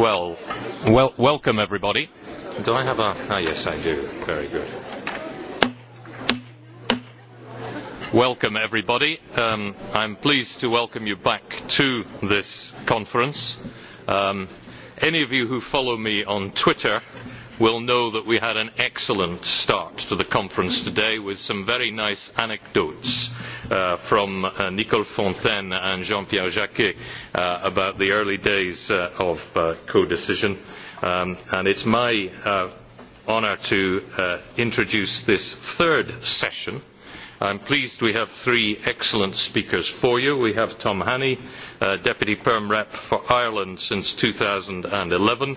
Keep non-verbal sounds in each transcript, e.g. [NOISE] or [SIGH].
Well, well, welcome everybody. Do I have a... Ah, yes, I do. Very good. Welcome everybody. Um, I'm pleased to welcome you back to this conference. Um, any of you who follow me on Twitter will know that we had an excellent start to the conference today with some very nice anecdotes Uh, from uh, Nicole Fontaine and Jean-Pierre Jacquet uh, about the early days uh, of uh, co-decision. Um, and it's my uh, honour to uh, introduce this third session. I'm pleased we have three excellent speakers for you. We have Tom Hanney, uh, Deputy Perm Rep for Ireland since 2011,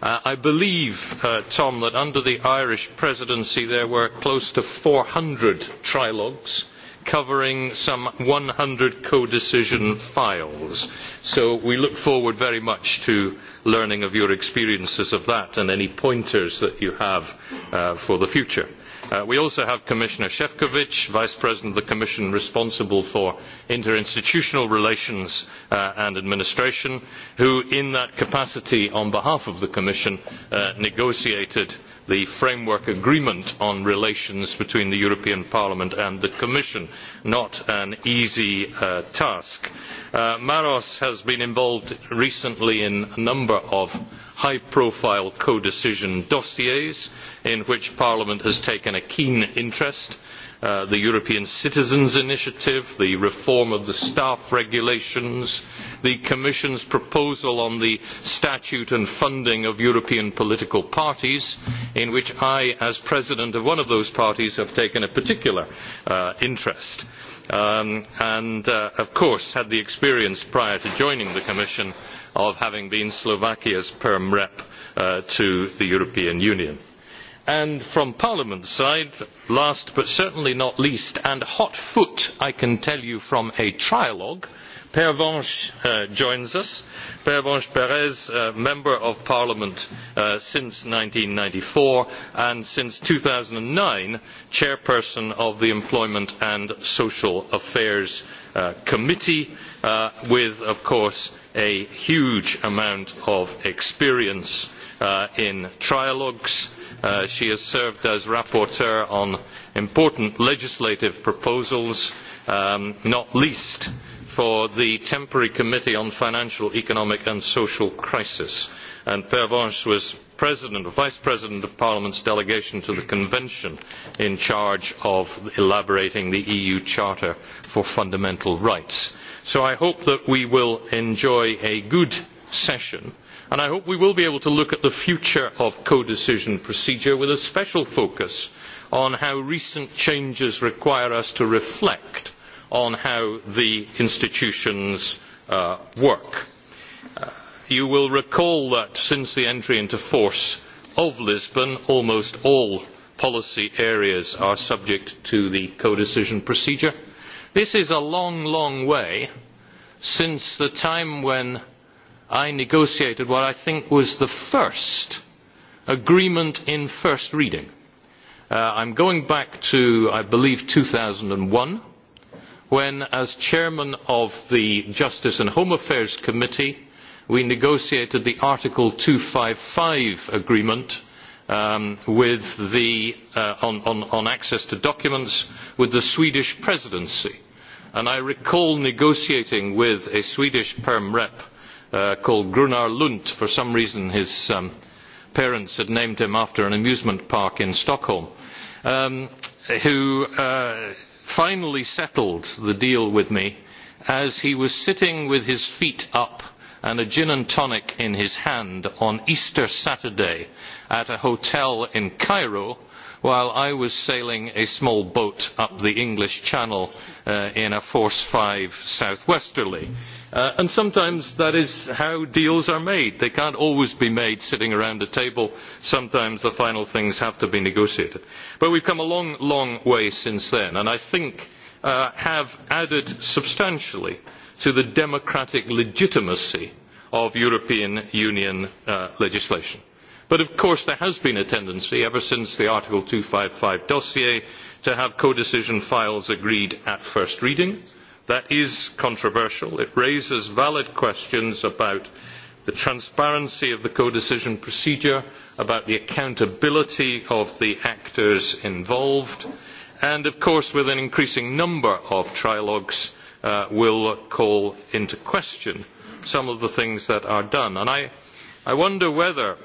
Uh, I believe, uh, Tom, that under the Irish presidency there were close to four hundred trilogues covering some one hundred codecision files. So we look forward very much to learning of your experiences of that and any pointers that you have uh, for the future. Uh, we also have Commissioner efovi Vice President of the Commission responsible for interinstitutional relations uh, and administration, who in that capacity on behalf of the Commission uh, negotiated the framework agreement on relations between the European Parliament and the Commission. Not an easy uh, task. Uh, Maros has been involved recently in a number of high profile codecision dossiers in which Parliament has taken a keen interest Uh, the European Citizens Initiative, the reform of the staff regulations, the Commission's proposal on the statute and funding of European political parties, in which I, as president of one of those parties, have taken a particular uh, interest. Um, and, uh, of course, had the experience prior to joining the Commission of having been Slovakia's perm rep uh, to the European Union. And from Parliament's side, last but certainly not least, and hot foot, I can tell you from a trialogue, Pervenche uh, joins us. Pervenche Perez, uh, Member of Parliament uh, since ninety four and since two thousand nine Chairperson of the Employment and Social Affairs uh, Committee, uh, with, of course, a huge amount of experience uh, in trialogues Uh, she has served as rapporteur on important legislative proposals, um, not least for the temporary committee on financial, economic and social crisis. And Pervenche was president or vice president of Parliament's delegation to the convention in charge of elaborating the EU Charter for Fundamental Rights. So I hope that we will enjoy a good session and i hope we will be able to look at the future of codecision procedure with a special focus on how recent changes require us to reflect on how the institutions uh, work. Uh, you will recall that since the entry into force of lisbon almost all policy areas are subject to the codecision procedure. this is a long long way since the time when I negotiated what I think was the first agreement in first reading. Uh, I am going back to, I believe, two thousand and one, when, as chairman of the Justice and Home Affairs Committee, we negotiated the Article two hundred and fifty five agreement um, with the, uh, on, on, on access to documents with the Swedish presidency. And I recall negotiating with a Swedish perm rep uh, called Grunar Lund. For some reason, his um, parents had named him after an amusement park in Stockholm, um, who uh, finally settled the deal with me as he was sitting with his feet up and a gin and tonic in his hand on Easter Saturday at a hotel in Cairo while I was sailing a small boat up the English Channel uh, in a force five southwesterly. Uh, and sometimes that is how deals are made. They cannot always be made sitting around a table. Sometimes the final things have to be negotiated. But we have come a long, long way since then, and I think uh, have added substantially to the democratic legitimacy of European Union uh, legislation. But of course there has been a tendency ever since the Article two hundred and fifty five dossier to have codecision files agreed at first reading. That is controversial. It raises valid questions about the transparency of the codecision procedure, about the accountability of the actors involved, and of course with an increasing number of trilogues uh, will call into question some of the things that are done. And I, I wonder whether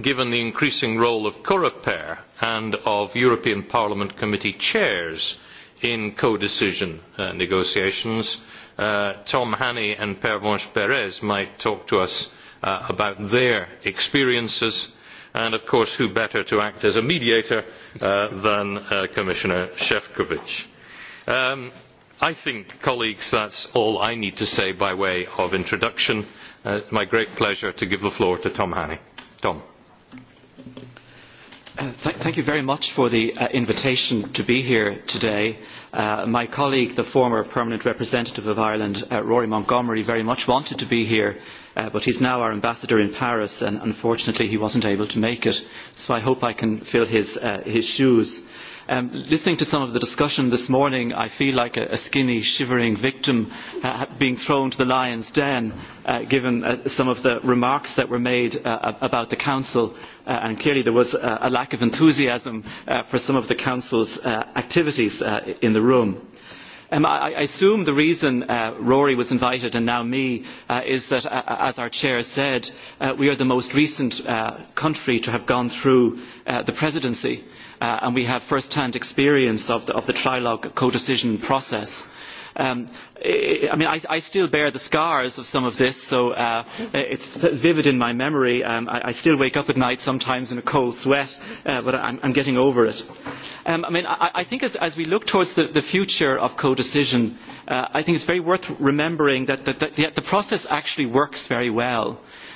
given the increasing role of coreper and of european parliament committee chairs in codecision uh, negotiations uh, tom hannay and pervenche Perez might talk to us uh, about their experiences and of course who better to act as a mediator uh, than uh, commissioner efovi. Um, i think colleagues that is all i need to say by way of introduction. Uh, it is my great pleasure to give the floor to tom hannay. tom. Uh, th thank you very much for the uh, invitation to be here today. Uh, my colleague, the former permanent representative of Ireland, uh, Rory Montgomery, very much wanted to be here, uh, but he's now our ambassador in Paris, and unfortunately he wasn't able to make it. So I hope I can fill his, uh, his shoes. Um, listening to some of the discussion this morning, I feel like a, a skinny, shivering victim uh, being thrown to the lion's den, uh, given uh, some of the remarks that were made uh, about the Council. Uh, and clearly there was uh, a lack of enthusiasm uh, for some of the Council's uh, activities uh, in the room. Um, I, I assume the reason uh, Rory was invited and now me uh, is that, uh, uh, as our chair said, uh, we are the most recent uh, country to have gone through uh, the presidency uh, and we have first-hand experience of the, of the trilogue co-decision process. Uh, Um, I mean, I, I still bear the scars of some of this, so uh, it's vivid in my memory. Um, I, I still wake up at night sometimes in a cold sweat, uh, but I'm, I'm getting over it. Um, I mean, I, I think as, as we look towards the, the future of co-decision, uh, I think it's very worth remembering that, that, that the, the process actually works very well.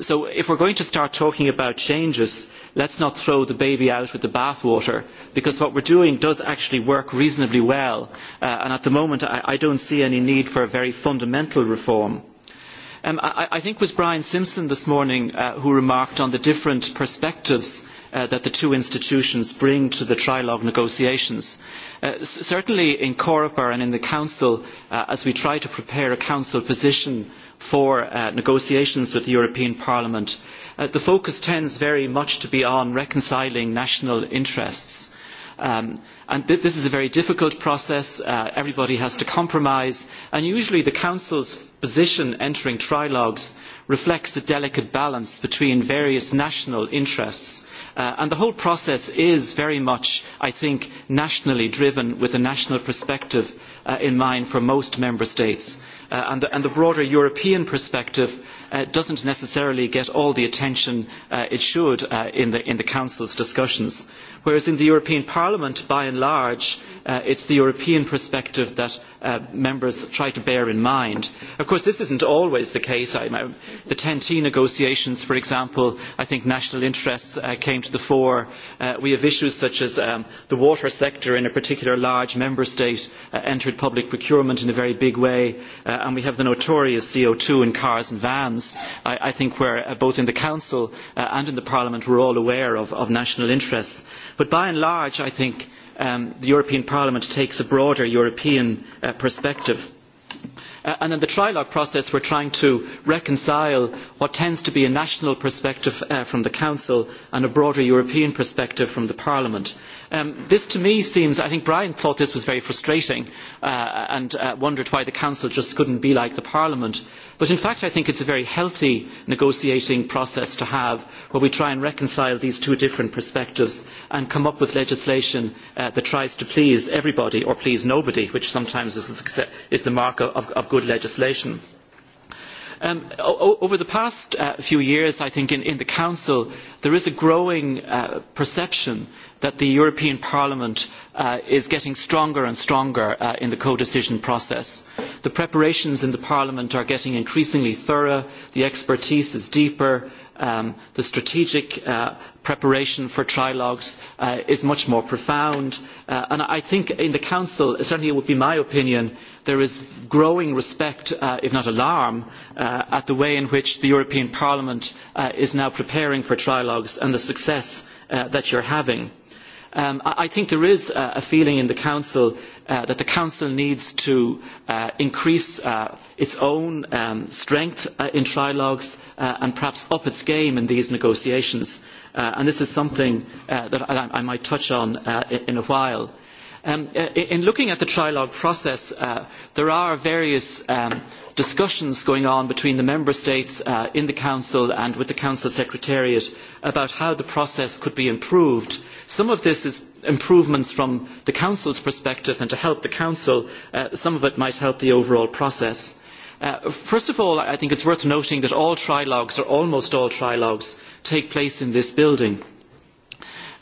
So if we are going to start talking about changes, let us not throw the baby out with the bathwater, because what we are doing does actually work reasonably well. Uh, and at the moment, I, I do not see any need for a very fundamental reform. Um, I, I think it was Brian Simpson this morning uh, who remarked on the different perspectives uh, that the two institutions bring to the trilogue negotiations. Uh, certainly in Coreper and in the Council, uh, as we try to prepare a Council position for uh, negotiations with the European Parliament, uh, the focus tends very much to be on reconciling national interests. Um, and th this is a very difficult process. Uh, everybody has to compromise. And usually the Council's position entering trilogues reflects a delicate balance between various national interests. Uh, and the whole process is very much, I think, nationally driven with a national perspective uh, in mind for most member states. Uh, and the broader European perspective uh, doesn't necessarily get all the attention uh, it should uh, in, the, in the Council's discussions. Whereas in the European Parliament, by and large, uh, it's the European perspective that uh, members try to bear in mind. Of course, this isn't always the case. I, I, the 10T negotiations, for example, I think national interests uh, came to the fore. Uh, we have issues such as um, the water sector in a particular large member state uh, entered public procurement in a very big way, uh, and we have the notorious CO2 in cars and vans problems. I, I think we're uh, both in the Council uh, and in the Parliament we're all aware of, of national interests. But by and large, I think um, the European Parliament takes a broader European uh, perspective. Uh, and in the trilogue process, we're trying to reconcile what tends to be a national perspective uh, from the Council and a broader European perspective from the Parliament. Um, this to me seems, I think Brian thought this was very frustrating uh, and uh, wondered why the Council just couldn't be like the Parliament. But in fact, I think it's a very healthy negotiating process to have where we try and reconcile these two different perspectives and come up with legislation uh, that tries to please everybody or please nobody, which sometimes is, is the mark of, of good legislation. Um, over the past uh, few years, I think in, in the Council, there is a growing uh, perception that the European Parliament uh, is getting stronger and stronger uh, in the co-decision process. The preparations in the Parliament are getting increasingly thorough, the expertise is deeper, um, the strategic uh, preparation for trilogues uh, is much more profound. Uh, and I think in the Council, certainly it would be my opinion, there is growing respect, uh, if not alarm, uh, at the way in which the European Parliament uh, is now preparing for trilogues and the success uh, that you're having. Um, I, I think there is uh, a feeling in the Council uh, that the Council needs to uh, increase uh, its own um, strength uh, in trilogues uh, and perhaps up its game in these negotiations. Uh, and this is something uh, that I, I might touch on uh, in a while. Um, uh, in looking at the trilogue process, uh, there are various um, discussions going on between the member states uh, in the council and with the council secretariat about how the process could be improved Some of this is improvements from the Council's perspective and to help the Council, uh, some of it might help the overall process. Uh, first of all, I think it's worth noting that all trilogues, or almost all trilogues, take place in this building.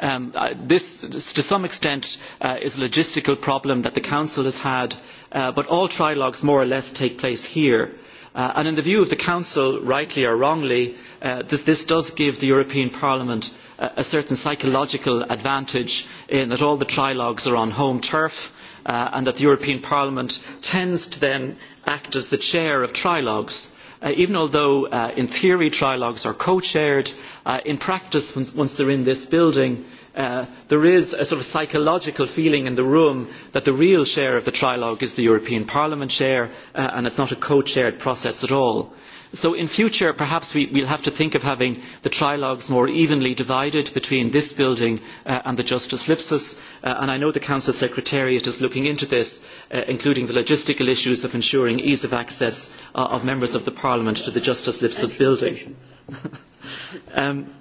Um, uh, this, this, to some extent, uh, is a logistical problem that the Council has had, uh, but all trilogues more or less take place here. Uh, and in the view of the Council, rightly or wrongly, Uh, this, this does give the European Parliament a, a certain psychological advantage in that all the trilogues are on home turf uh, and that the European Parliament tends to then act as the chair of trilogues. Uh, even although uh, in theory trilogues are co-chaired, uh, in practice once, once they're in this building, uh, there is a sort of psychological feeling in the room that the real chair of the trilogue is the European Parliament chair uh, and it's not a co-chaired process at all. So in future, perhaps we will have to think of having the trilogues more evenly divided between this building uh, and the Justice Lipsus. Uh, and I know the Council Secretariat is looking into this, uh, including the logistical issues of ensuring ease of access uh, of members of the Parliament to the Justice Lipsus building. [LAUGHS] um,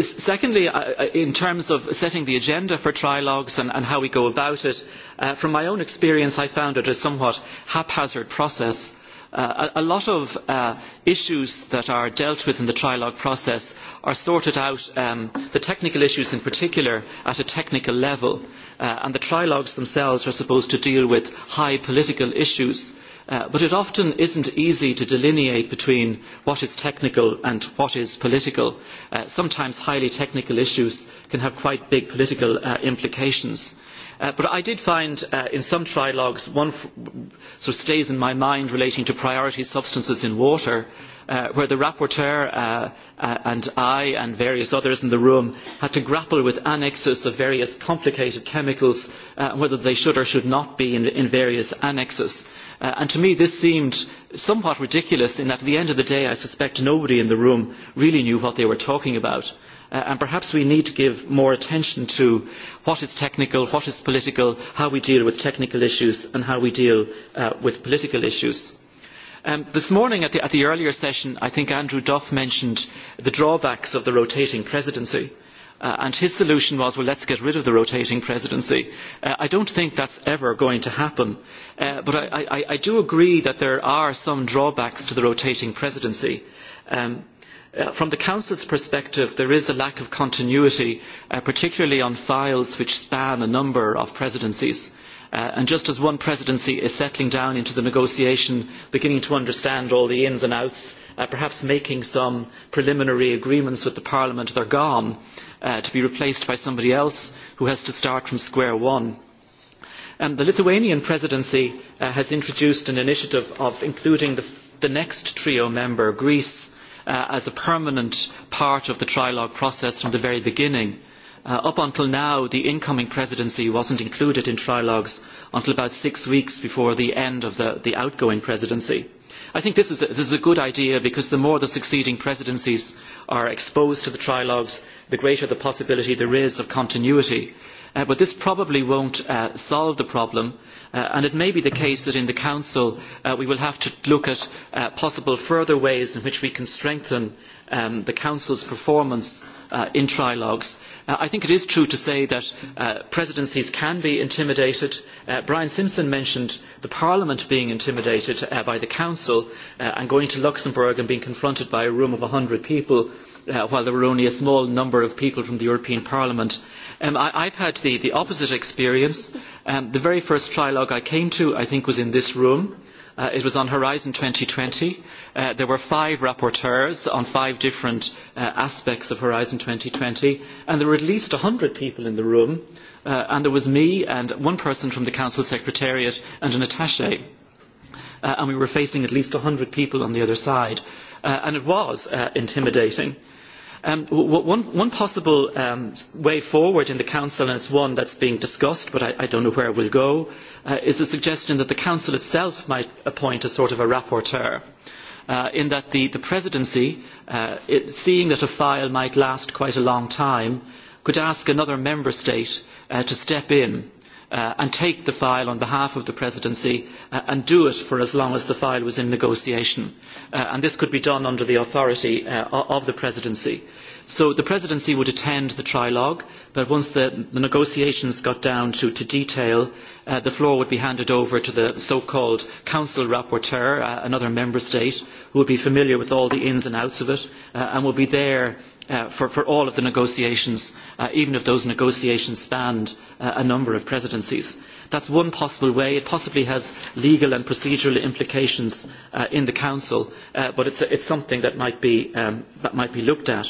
Secondly, in terms of setting the agenda for trilogues and, and how we go about it, uh, from my own experience, I found it a somewhat haphazard process. Uh, a, lot of uh, issues that are dealt with in the trilogue process are sorted out, um, the technical issues in particular, at a technical level. Uh, and the trilogues themselves are supposed to deal with high political issues. Uh, but it often isn't easy to delineate between what is technical and what is political. Uh, sometimes highly technical issues can have quite big political uh, implications. Uh, but I did find uh, in some trilogues, one sort of stays in my mind relating to priority substances in water, uh, where the rapporteur uh, uh, and I and various others in the room had to grapple with annexes of various complicated chemicals, uh, whether they should or should not be in, in various annexes. Uh, and to me this seemed somewhat ridiculous in that at the end of the day I suspect nobody in the room really knew what they were talking about. Uh, and perhaps we need to give more attention to what is technical, what is political, how we deal with technical issues and how we deal uh, with political issues. Um, this morning at the, at the earlier session, I think Andrew Duff mentioned the drawbacks of the rotating presidency. Uh, and his solution was, well, let's get rid of the rotating presidency. Uh, I don't think that's ever going to happen. Uh, but I, I, I do agree that there are some drawbacks to the rotating presidency. Um, Uh, from the Council's perspective, there is a lack of continuity, uh, particularly on files which span a number of presidencies. Uh, and just as one presidency is settling down into the negotiation, beginning to understand all the ins and outs, uh, perhaps making some preliminary agreements with the Parliament, they're gone uh, to be replaced by somebody else who has to start from square one. Um, the Lithuanian presidency uh, has introduced an initiative of including the, the next trio member, Greece, uh, as a permanent part of the trilogue process from the very beginning. Uh, up until now, the incoming presidency wasn't included in trilogues until about six weeks before the end of the, the outgoing presidency. I think this is, a, this is a good idea because the more the succeeding presidencies are exposed to the trilogues, the greater the possibility there is of continuity Uh, but this probably won't uh, solve the problem. Uh, and it may be the case that in the Council uh, we will have to look at uh, possible further ways in which we can strengthen um, the Council's performance uh, in trilogues. Uh, I think it is true to say that uh, presidencies can be intimidated. Uh, Brian Simpson mentioned the Parliament being intimidated uh, by the Council uh, and going to Luxembourg and being confronted by a room of 100 people uh, while there were only a small number of people from the European Parliament Um, I, I've had the, the opposite experience. Um, the very first trilogue I came to, I think, was in this room. Uh, it was on Horizon 2020. Uh, there were five rapporteurs on five different uh, aspects of Horizon 2020, and there were at least 100 people in the room, uh, and there was me and one person from the Council Secretariat and an attaché. Uh, and we were facing at least 100 people on the other side. Uh, and it was uh, intimidating. Um, one, one possible um, way forward in the Council, and it's one that's being discussed, but I, I don't know where it will go, uh, is the suggestion that the Council itself might appoint a sort of a rapporteur. Uh, in that the, the presidency, uh, it, seeing that a file might last quite a long time, could ask another member state uh, to step in uh, and take the file on behalf of the presidency uh, and do it for as long as the file was in negotiation. Uh, and this could be done under the authority uh, of the presidency. So the presidency would attend the trilogue, but once the, the negotiations got down to, to detail, uh, the floor would be handed over to the so-called council rapporteur, uh, another member state, who would be familiar with all the ins and outs of it, uh, and would be there uh, for, for all of the negotiations, uh, even if those negotiations spanned uh, a number of presidencies. That's one possible way. It possibly has legal and procedural implications uh, in the Council, uh, but it's, it's something that might be, um, that might be looked at.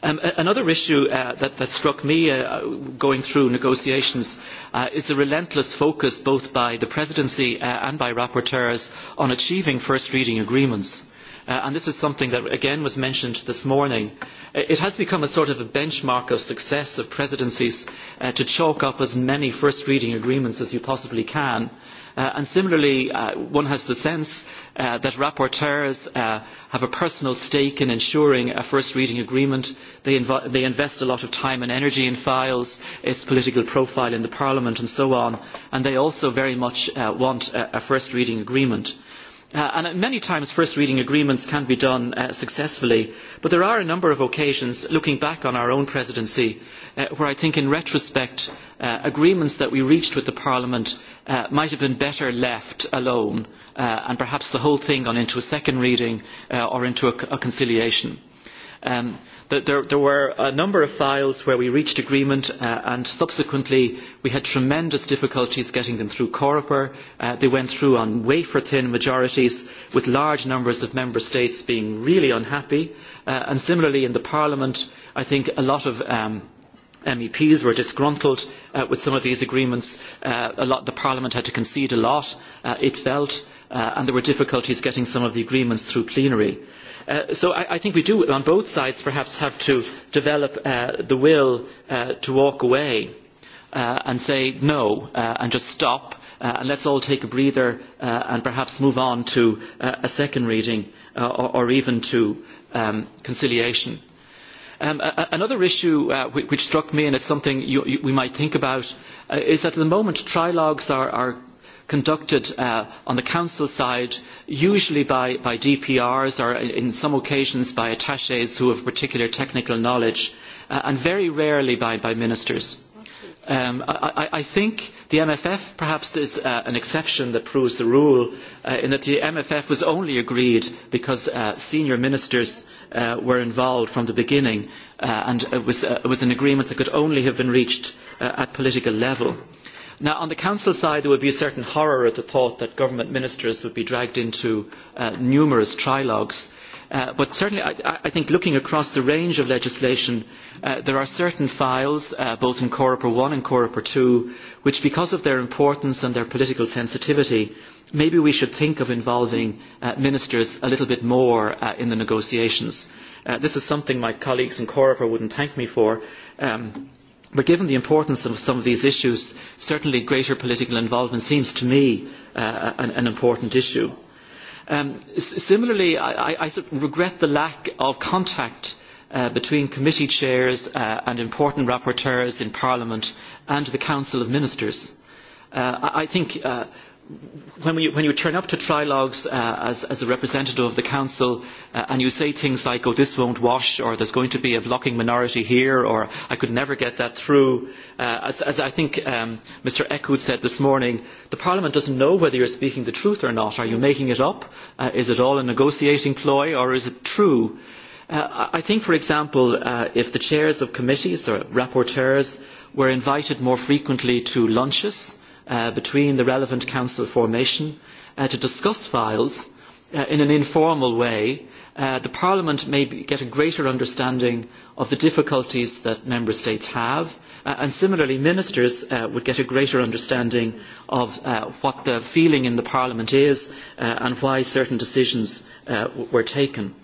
Um, another issue uh, that, that struck me uh, going through negotiations uh, is the relentless focus both by the Presidency uh, and by rapporteurs on achieving first reading agreements. Uh, and this is something that again was mentioned this morning. Uh, it has become a sort of a benchmark of success of presidencies uh, to chalk up as many first reading agreements as you possibly can. Uh, and similarly, uh, one has the sense uh, that rapporteurs uh, have a personal stake in ensuring a first reading agreement. They, inv they invest a lot of time and energy in files, its political profile in the Parliament and so on, and they also very much uh, want a, a first reading agreement. Uh, and many times first reading agreements can be done uh, successfully, but there are a number of occasions, looking back on our own presidency, uh, where I think in retrospect uh, agreements that we reached with the Parliament uh, might have been better left alone uh, and perhaps the whole thing gone into a second reading uh, or into a, a conciliation. Um, that there, there were a number of files where we reached agreement uh, and subsequently we had tremendous difficulties getting them through Coreper. Uh, they went through on wafer-thin majorities with large numbers of member states being really unhappy. Uh, and similarly in the Parliament, I think a lot of um, MEPs were disgruntled uh, with some of these agreements. Uh, a lot, the Parliament had to concede a lot, uh, it felt, uh, and there were difficulties getting some of the agreements through plenary. Uh, so I, I think we do, on both sides, perhaps have to develop uh, the will uh, to walk away uh, and say no uh, and just stop uh, and let's all take a breather uh, and perhaps move on to uh, a second reading uh, or, or even to um, conciliation. Um, a, another issue uh, which, which struck me, and it's something you, you, we might think about, uh, is that at the moment trilogues are, are conducted uh, on the council side, usually by, by DPRs or in some occasions by attaches who have particular technical knowledge, uh, and very rarely by, by ministers. Um, I, I think the MFF perhaps is uh, an exception that proves the rule uh, in that the MFF was only agreed because uh, senior ministers uh, were involved from the beginning uh, and it was, uh, it was an agreement that could only have been reached uh, at political level. Now, on the Council side, there would be a certain horror at the thought that government ministers would be dragged into uh, numerous trilogues. Uh, but certainly, I, I think looking across the range of legislation, uh, there are certain files, uh, both in Coreper 1 and Coreper 2, which, because of their importance and their political sensitivity, maybe we should think of involving uh, ministers a little bit more uh, in the negotiations. Uh, this is something my colleagues in Coreper wouldn't thank me for. Um, But given the importance of some of these issues, certainly greater political involvement seems to me uh, an, an important issue. Um, similarly, I, I, I regret the lack of contact uh, between committee chairs uh, and important rapporteurs in Parliament and the Council of Ministers. Uh, I, I think uh, when, we, when you turn up to trilogues uh, as, as a representative of the council uh, and you say things like, oh, this won't wash, or there's going to be a blocking minority here, or I could never get that through, uh, as, as I think um, Mr. Eckhout said this morning, the Parliament doesn't know whether you're speaking the truth or not. Are you making it up? Uh, is it all a negotiating ploy, or is it true? Uh, I think, for example, uh, if the chairs of committees or rapporteurs were invited more frequently to lunches, uh, between the relevant council formation uh, to discuss files uh, in an informal way, uh, the Parliament may be, get a greater understanding of the difficulties that Member States have, uh, and similarly Ministers uh, would get a greater understanding of uh, what the feeling in the Parliament is uh, and why certain decisions uh, were taken.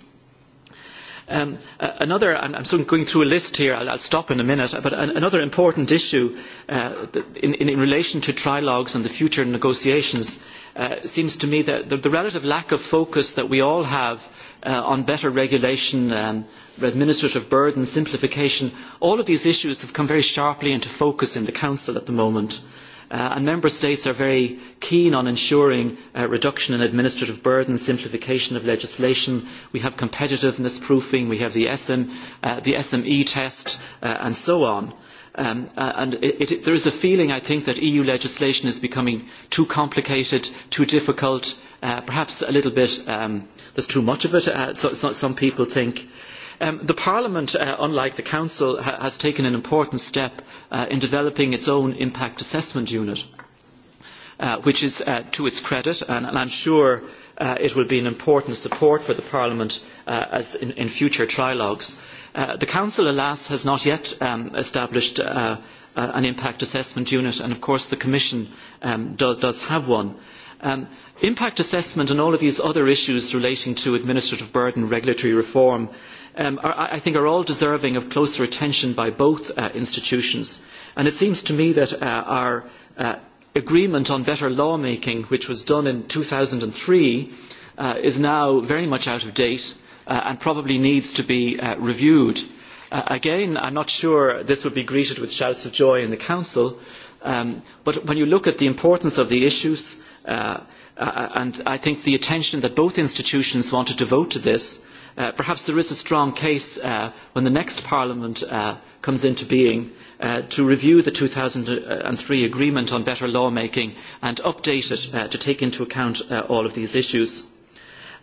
Um, uh, another, I'm, I'm going through a list here, I'll, I'll stop in a minute, but an, another important issue uh, in, in, in relation to trilogues and the future negotiations uh, seems to me that the, the relative lack of focus that we all have uh, on better regulation, um, administrative burden, simplification, all of these issues have come very sharply into focus in the Council at the moment. Uh, Uh, and member states are very keen on ensuring uh, reduction in administrative burden, simplification of legislation. We have competitiveness proofing, we have the, SM, uh, the SME test, uh, and so on. Um, uh, and it, it, there is a feeling, I think, that EU legislation is becoming too complicated, too difficult, uh, perhaps a little bit, um, there's too much of it, uh, so, so some people think. Um, the Parliament, uh, unlike the Council, ha has taken an important step uh, in developing its own impact assessment unit, uh, which is uh, to its credit, and, and I'm sure uh, it will be an important support for the Parliament uh, as in, in future trilogues. Uh, the Council, alas, has not yet um, established uh, uh, an impact assessment unit, and of course the Commission um, does, does have one. Um, impact assessment and all of these other issues relating to administrative burden, regulatory reform, um, are, I think are all deserving of closer attention by both uh, institutions. And it seems to me that uh, our uh, agreement on better lawmaking, which was done in 2003, uh, is now very much out of date uh, and probably needs to be uh, reviewed. Uh, again, I'm not sure this would be greeted with shouts of joy in the Council, um, but when you look at the importance of the issues, uh, uh, and I think the attention that both institutions want to devote to this, Uh, perhaps there is a strong case uh, when the next Parliament uh, comes into being uh, to review the 2003 agreement on better lawmaking and update it uh, to take into account uh, all of these issues.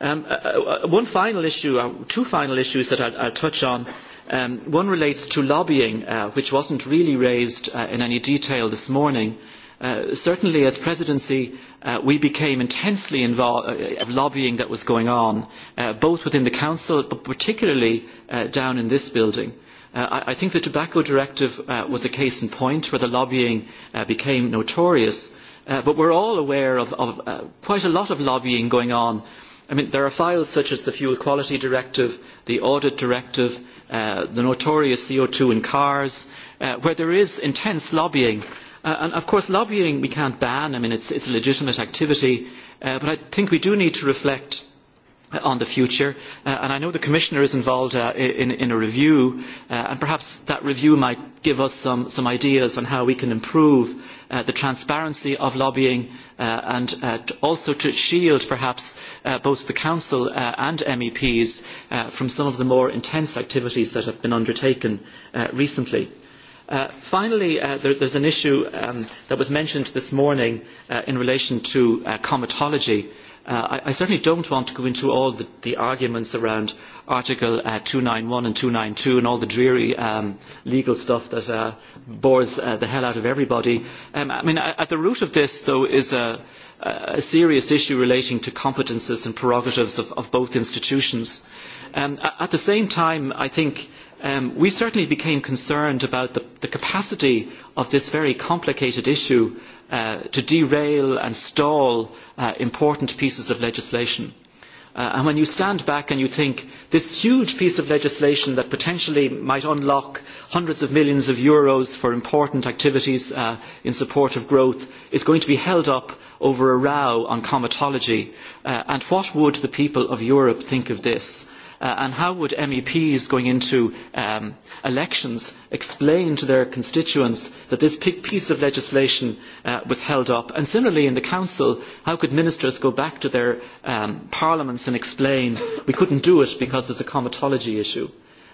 Um, uh, uh, one final issue, uh, two final issues that I'll, I'll touch on. Um, one relates to lobbying, uh, which wasn't really raised uh, in any detail this morning. Uh, certainly as presidency, uh, we became intensely involved uh, lobbying that was going on, uh, both within the council, but particularly uh, down in this building. Uh, I, I think the tobacco directive uh, was a case in point where the lobbying uh, became notorious, uh, but we're all aware of, of uh, quite a lot of lobbying going on. I mean, there are files such as the Fuel Quality Directive, the Audit Directive, uh, the notorious CO2 in cars, uh, where there is intense lobbying Uh, and of course, lobbying we can't ban. I mean, it's, it's a legitimate activity. Uh, but I think we do need to reflect uh, on the future. Uh, and I know the Commissioner is involved uh, in, in a review. Uh, and perhaps that review might give us some, some ideas on how we can improve uh, the transparency of lobbying uh, and uh, to also to shield perhaps uh, both the Council uh, and MEPs uh, from some of the more intense activities that have been undertaken uh, recently. Uh, finally, uh, there, there's an issue um, that was mentioned this morning uh, in relation to uh, comitology. Uh, I, I certainly don't want to go into all the, the arguments around Article uh, 291 and 292 and all the dreary um, legal stuff that uh, bores uh, the hell out of everybody. Um, I mean, at the root of this, though, is a, a serious issue relating to competences and prerogatives of, of both institutions. Um, at the same time, I think um, we certainly became concerned about the, the capacity of this very complicated issue uh, to derail and stall uh, important pieces of legislation. Uh, and when you stand back and you think this huge piece of legislation that potentially might unlock hundreds of millions of euros for important activities uh, in support of growth is going to be held up over a row on comitology, uh, and what would the people of Europe think of this? Uh, Uh, and how would MEPs going into um, elections explain to their constituents that this piece of legislation uh, was held up? And similarly, in the Council, how could ministers go back to their um, parliaments and explain we couldn't do it because there's a comitology issue?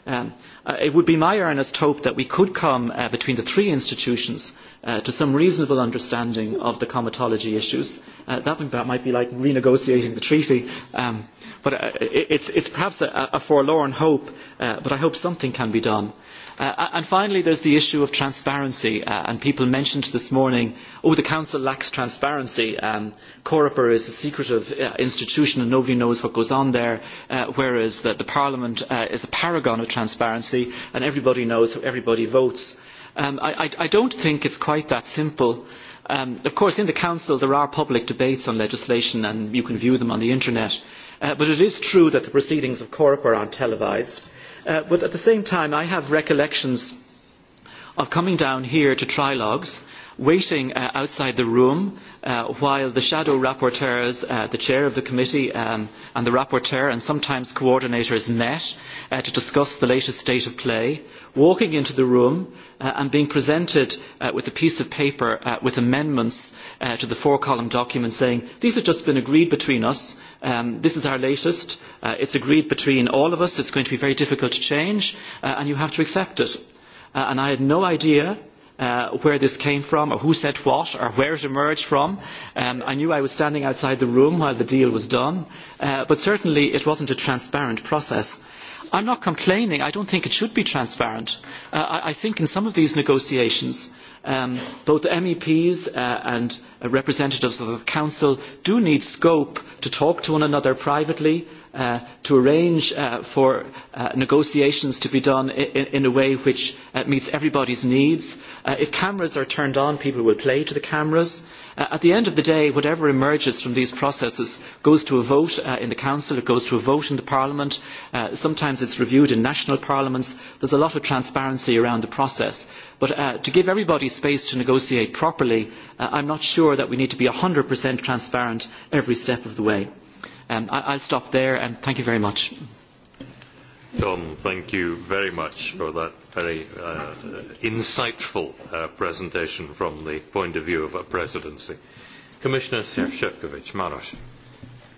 Um, uh, it would be my earnest hope that we could come uh, between the three institutions uh, to some reasonable understanding of the comitology issues. Uh, that, that might be like renegotiating the treaty, um, but uh, it, it's, it's perhaps a, a forlorn hope, uh, but I hope something can be done. Uh, and finally, there's the issue of transparency, uh, and people mentioned this morning, oh, the Council lacks transparency. Um, Coreper is a secretive uh, institution and nobody knows what goes on there, uh, whereas the, the Parliament uh, is a paragon of transparency and everybody knows how everybody votes. Um, I, I, not don't think it's quite that simple. Um, of course, in the Council there are public debates on legislation and you can view them on the internet. Uh, but it is true that the proceedings of Coreper not televised. Uh, but at the same time, I have recollections of coming down here to trilogues, waiting uh, outside the room uh, while the shadow rapporteurs, uh, the chair of the committee um, and the rapporteur and sometimes coordinators met uh, to discuss the latest state of play, walking into the room uh, and being presented uh, with a piece of paper uh, with amendments uh, to the four-column document saying, these have just been agreed between us, um, this is our latest, uh, it's agreed between all of us, it's going to be very difficult to change, uh, and you have to accept it. Uh, and I had no idea uh, where this came from or who said what or where it emerged from. Um, I knew I was standing outside the room while the deal was done, uh, but certainly it wasn't a transparent process. I'm not complaining. I don't think it should be transparent. Uh, I, I think in some of these negotiations, um, both MEPs uh, and uh, representatives of the Council do need scope to talk to one another privately, uh, to arrange uh, for uh, negotiations to be done in, in a way which uh, meets everybody's needs. Uh, if cameras are turned on, people will play to the cameras. Uh, at the end of the day, whatever emerges from these processes goes to a vote uh, in the Council, it goes to a vote in the Parliament. Uh, sometimes it's reviewed in national parliaments. There's a lot of transparency around the process. But uh, to give everybody space to negotiate properly, uh, I'm not sure that we need to be 100% transparent every step of the way. Um, I I'll stop there and thank you very much. Tom, thank you very much for that very uh, insightful uh, presentation from the point of view of a presidency. Commissioner Sefcovic, Marosh.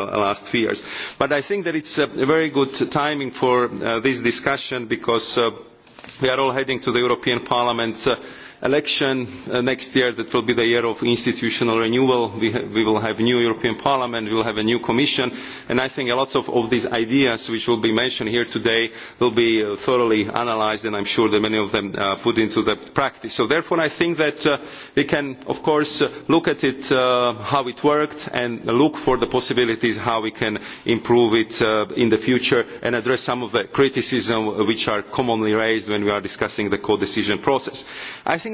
last, uh, last few years. But I think that it's a very good timing for uh, this discussion because uh, we are all heading to the European Parliament uh, election uh, next year that will be the year of institutional renewal. We, ha we will have new European Parliament, we will have a new Commission, and I think a lot of, of these ideas which will be mentioned here today will be uh, thoroughly analysed and I'm sure that many of them uh, put into the practice. So therefore I think that uh, we can of course uh, look at it, uh, how it worked and look for the possibilities how we can improve it uh, in the future and address some of the criticism which are commonly raised when we are discussing the co-decision process. I think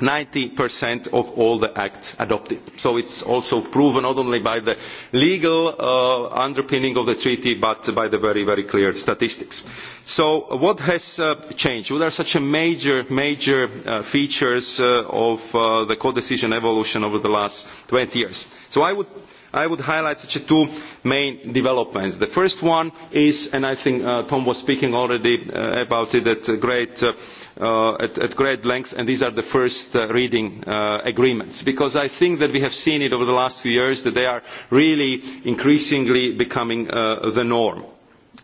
90% of all the acts adopted. So it's also proven not only by the legal uh, underpinning of the treaty but by the very, very clear statistics. So what has uh, changed? What are such a major, major uh, features uh, of uh, the co-decision evolution over the last 20 years? So I would I would highlight such two main developments. The first one is, and I think uh, Tom was speaking already uh, about it at great, uh, uh, at, at great length, and these are the first uh, reading uh, agreements, because I think that we have seen it over the last few years that they are really increasingly becoming uh, the norm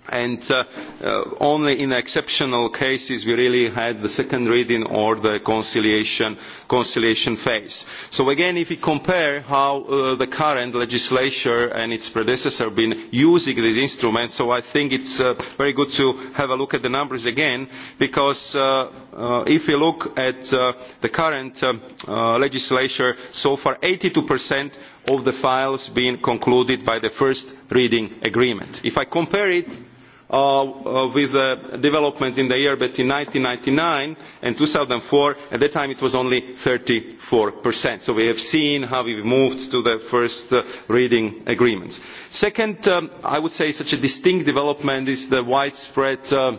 and uh, uh, only in exceptional cases we really had the second reading or the conciliation, conciliation phase. So again, if we compare how uh, the current legislature and its predecessor have been using these instruments, so I think it's uh, very good to have a look at the numbers again, because uh, uh, if we look at uh, the current uh, uh, legislature, so far 82% of the files being concluded by the first reading agreement. If I compare it uh, uh with the uh, developments in the year between 1999 and 2004, at that time it was only 34%. So we have seen how we moved to the first uh, reading agreements. Second, um, I would say such a distinct development is the widespread uh,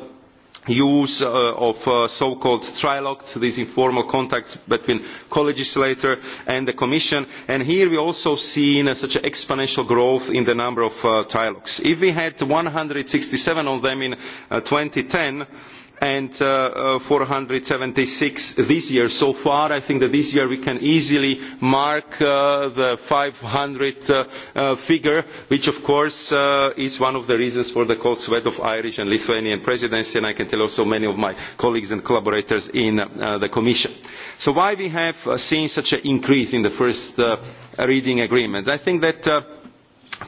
use uh, of uh, so-called trilogues, these informal contacts between co-legislator and the Commission. And here we also see uh, such an exponential growth in the number of uh, trilogues. If we had 167 of them in uh, 2010, and uh, uh, 476 this year so far. I think that this year we can easily mark uh, the 500 uh, uh, figure, which of course uh, is one of the reasons for the cold sweat of Irish and Lithuanian presidency, and I can tell also many of my colleagues and collaborators in uh, the Commission. So why we have uh, seen such an increase in the first uh, reading agreement, I think that uh,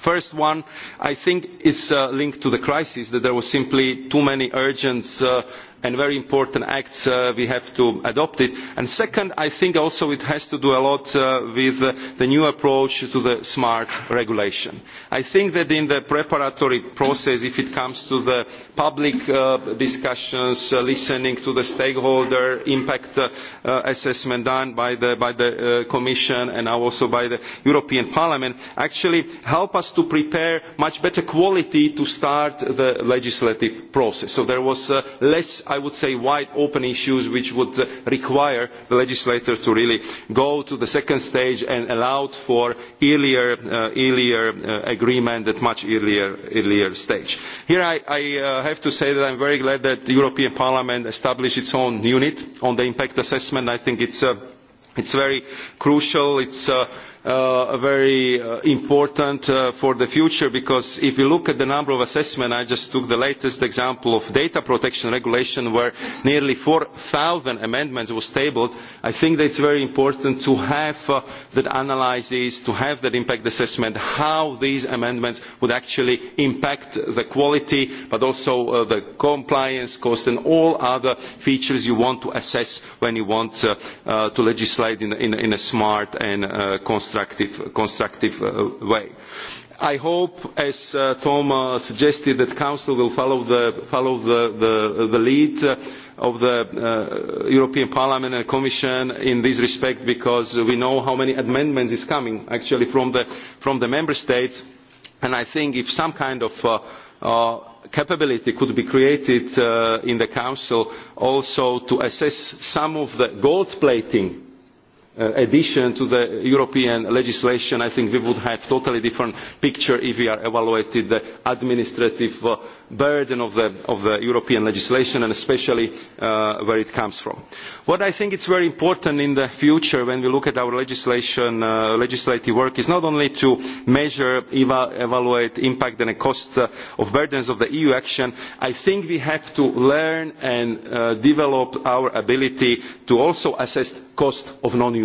First one, I think is uh, linked to the crisis that there was simply too many urgent uh, and very important acts uh, we have to adopt it. And second, I think also it has to do a lot uh, with uh, the new approach to the smart regulation. I think that in the preparatory process, if it comes to the public uh, discussions, uh, listening to the stakeholder impact uh, uh, assessment done by the, by the uh, Commission and also by the European Parliament, actually help us to prepare much better quality to start the legislative process. So there was uh, less I would say, wide open issues which would uh, require the legislator to really go to the second stage and allow for earlier, uh, earlier uh, agreement at much earlier, earlier stage. Here I, I have to say that I am very glad that the European Parliament established its own unit on the impact assessment. I think it's, uh, it's very crucial. It's, uh, uh, very uh, important uh, for the future because if you look at the number of assessments, I just took the latest example of data protection regulation where nearly 4,000 amendments were tabled. I think that it's very important to have uh, that analysis, to have that impact assessment, how these amendments would actually impact the quality, but also uh, the compliance cost and all other features you want to assess when you want uh, uh, to legislate in, in, in a smart and uh, constant constructive, constructive uh, way. I hope, as uh, Tom uh, suggested, that Council will follow the, follow the, the, the lead uh, of the uh, European Parliament and Commission in this respect because we know how many amendments is coming actually from the, from the Member States and I think if some kind of uh, uh, capability could be created uh, in the Council also to assess some of the gold plating uh, addition to the European legislation, I think we would have a totally different picture if we are evaluated the administrative uh, burden of the, of the European legislation and especially uh, where it comes from. What I think is very important in the future when we look at our legislation, uh, legislative work is not only to measure, eva evaluate impact and the cost uh, of burdens of the EU action, I think we have to learn and uh, develop our ability to also assess cost of non-EU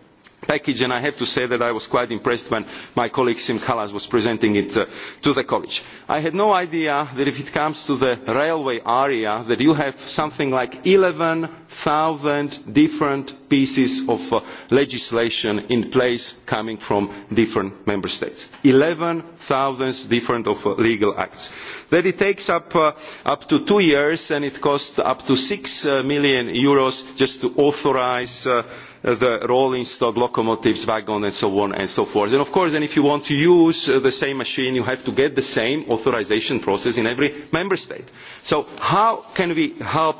package and I have to say that I was quite impressed when my colleague Sim Kallas was presenting it uh, to the college. I had no idea that if it comes to the railway area that you have something like 11,000 different pieces of uh, legislation in place coming from different member states. 11,000 different of uh, legal acts. That it takes up, uh, up to two years and it costs up to 6 uh, million euros just to authorize uh, the rolling stock locomotives, wagons and so on and so forth. And of course, and if you want to use uh, the same machine, you have to get the same authorization process in every member state. So how can we help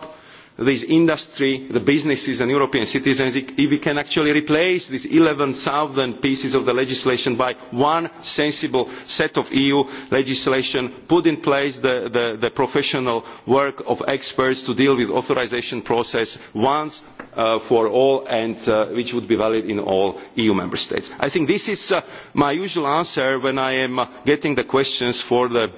this industry, the businesses and European citizens, if we can actually replace these 11,000 pieces of the legislation by one sensible set of EU legislation, put in place the, the, the professional work of experts to deal with authorization process once uh, for all and uh, which would be valid in all EU member states. I think this is uh, my usual answer when I am uh, getting the questions for the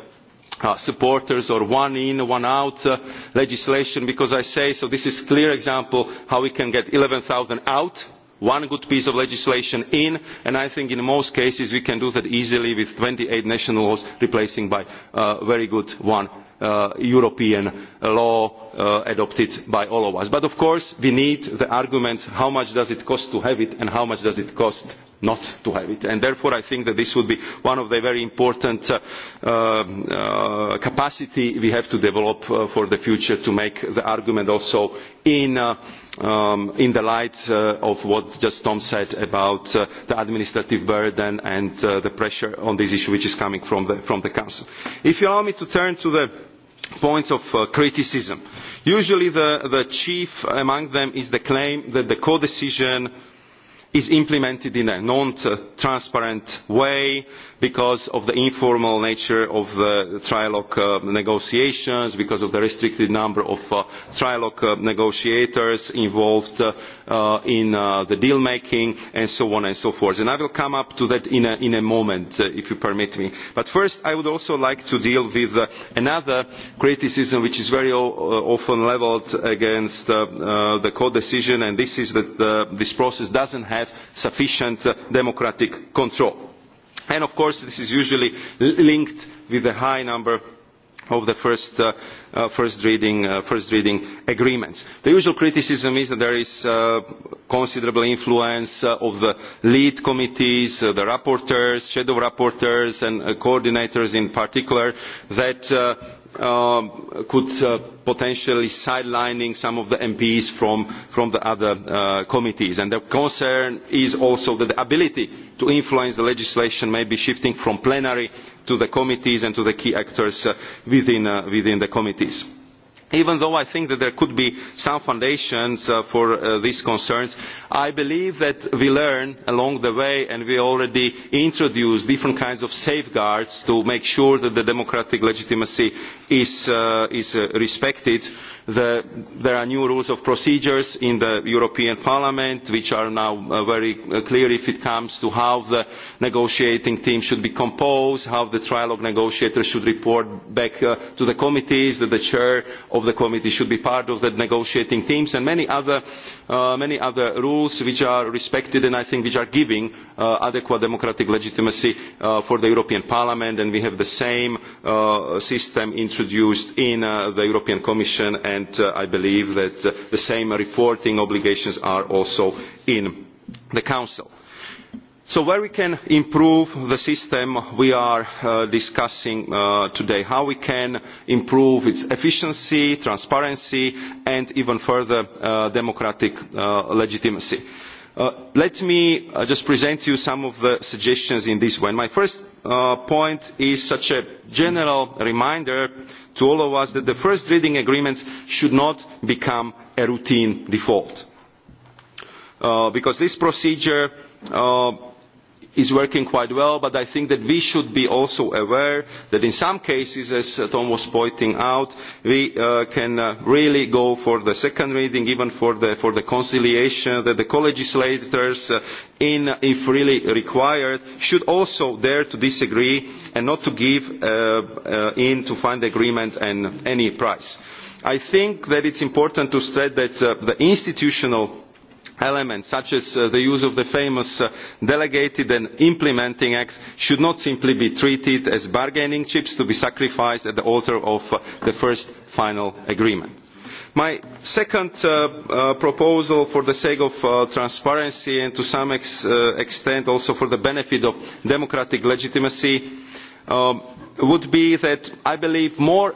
uh, supporters or one in, one out uh, legislation because I say, so this is a clear example how we can get 11,000 out one good piece of legislation in, and I think in most cases we can do that easily with 28 national laws replacing by a uh, very good one uh, European law uh, adopted by all of us. But of course we need the arguments how much does it cost to have it and how much does it cost not to have it. And therefore I think that this would be one of the very important uh, uh, capacity we have to develop uh, for the future to make the argument also in, uh, um, in the light uh, of what just Tom said about uh, the administrative burden and uh, the pressure on this issue which is coming from the, from the Council. If you allow me to turn to the points of uh, criticism. Usually the, the chief among them is the claim that the co-decision is implemented in a non-transparent way, because of the informal nature of the trilogue uh, negotiations, because of the restricted number of uh, trilogue uh, negotiators involved uh, uh, in uh, the deal making, and so on and so forth. And I will come up to that in a, in a moment, uh, if you permit me. But first, I would also like to deal with uh, another criticism which is very o uh, often leveled against uh, uh, the co-decision, and this is that uh, this process doesn't have sufficient uh, democratic control And of course, this is usually linked with the high number of the first, uh, uh, first, reading, uh, first reading agreements. The usual criticism is that there is uh, considerable influence uh, of the lead committees, uh, the rapporteurs, shadow rapporteurs and uh, coordinators in particular that uh, uh, could uh, potentially sidelining some of the MPs from, from the other uh, committees. And the concern is also that the ability to influence the legislation may be shifting from plenary to the committees and to the key actors uh, within, uh, within the committees even though I think that there could be some foundations uh, for uh, these concerns, I believe that we learn along the way and we already introduce different kinds of safeguards to make sure that the democratic legitimacy is, uh, is uh, respected. The, there are new rules of procedures in the European Parliament which are now uh, very uh, clear if it comes to how the negotiating team should be composed, how the trilogue negotiators should report back uh, to the committees, that the chair of the committee should be part of the negotiating teams and many other uh, many other rules which are respected and I think which are giving uh, adequate democratic legitimacy uh, for the European Parliament and we have the same uh, system introduced in uh, the European Commission and uh, I believe that uh, the same reporting obligations are also in the Council. So where we can improve the system we are uh, discussing uh, today, how we can improve its efficiency, transparency and even further uh, democratic uh, legitimacy. Uh, let me uh, just present you some of the suggestions in this way. My first uh, point is such a general reminder to all of us that the first reading agreements should not become a routine default. Uh, because this procedure uh, is working quite well, but I think that we should be also aware that in some cases, as uh, Tom was pointing out, we uh, can uh, really go for the second reading, even for the, for the conciliation that the co-legislators, uh, in, if really required, should also dare to disagree and not to give uh, uh, in to find agreement at any price. I think that it's important to stress that uh, the institutional elements such as uh, the use of the famous uh, delegated and implementing acts should not simply be treated as bargaining chips to be sacrificed at the altar of uh, the first final agreement. My second uh, uh, proposal for the sake of uh, transparency and to some ex uh, extent also for the benefit of democratic legitimacy um, would be that I believe more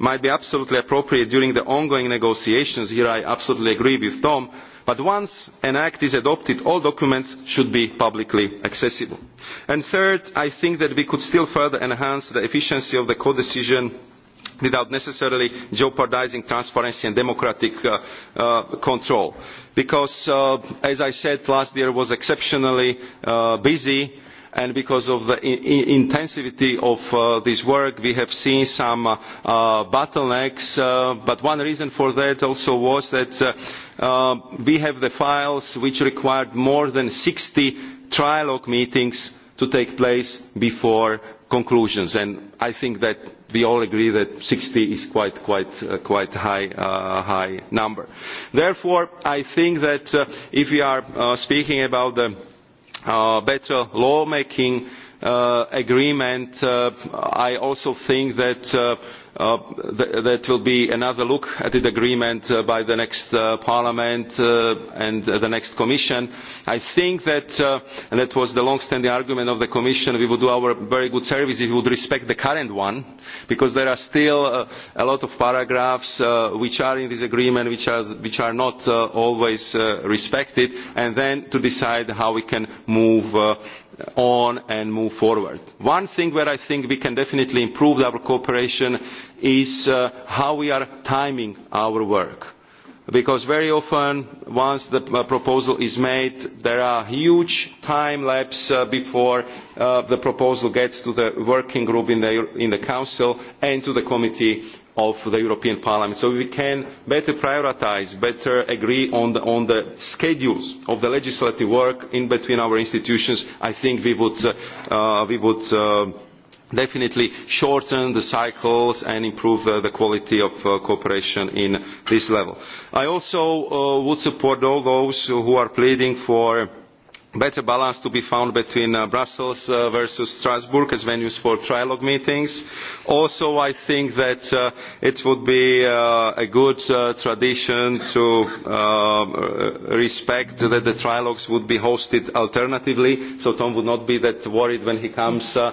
might be absolutely appropriate during the ongoing negotiations. Here I absolutely agree with Tom. But once an act is adopted, all documents should be publicly accessible. And third, I think that we could still further enhance the efficiency of the codecision without necessarily jeopardizing transparency and democratic uh, uh, control. Because, uh, as I said, last year was exceptionally uh, busy and because of the intensity of uh, this work we have seen some uh, bottlenecks uh, but one reason for that also was that uh, uh, we have the files which required more than 60 trilogue meetings to take place before conclusions and I think that we all agree that 60 is quite quite uh, quite high uh, high number therefore I think that uh, if we are uh, speaking about the better lawmaking uh, agreement, uh, I also think that uh, Uh, th that will be another look at the agreement uh, by the next uh, parliament uh, and uh, the next commission. I think that, uh, and that was the long-standing argument of the commission, we would do our very good service if we would respect the current one, because there are still uh, a lot of paragraphs uh, which are in this agreement, which are, which are not uh, always uh, respected, and then to decide how we can move uh, on and move forward. One thing where I think we can definitely improve our cooperation is uh, how we are timing our work. Because very often, once the uh, proposal is made, there are huge time lapse uh, before uh, the proposal gets to the working group in the, in the Council and to the Committee of the European Parliament so we can better prioritise, better agree on the, on the schedules of the legislative work in between our institutions. I think we would, uh, uh we would uh, definitely shorten the cycles and improve uh, the quality of uh, cooperation in this level. I also uh, would support all those who are pleading for better balance to be found between uh, Brussels uh, versus Strasbourg as venues for trilogue meetings. Also, I think that uh, it would be uh, a good uh, tradition to uh, respect that the trilogues would be hosted alternatively, so Tom would not be that worried when he comes uh,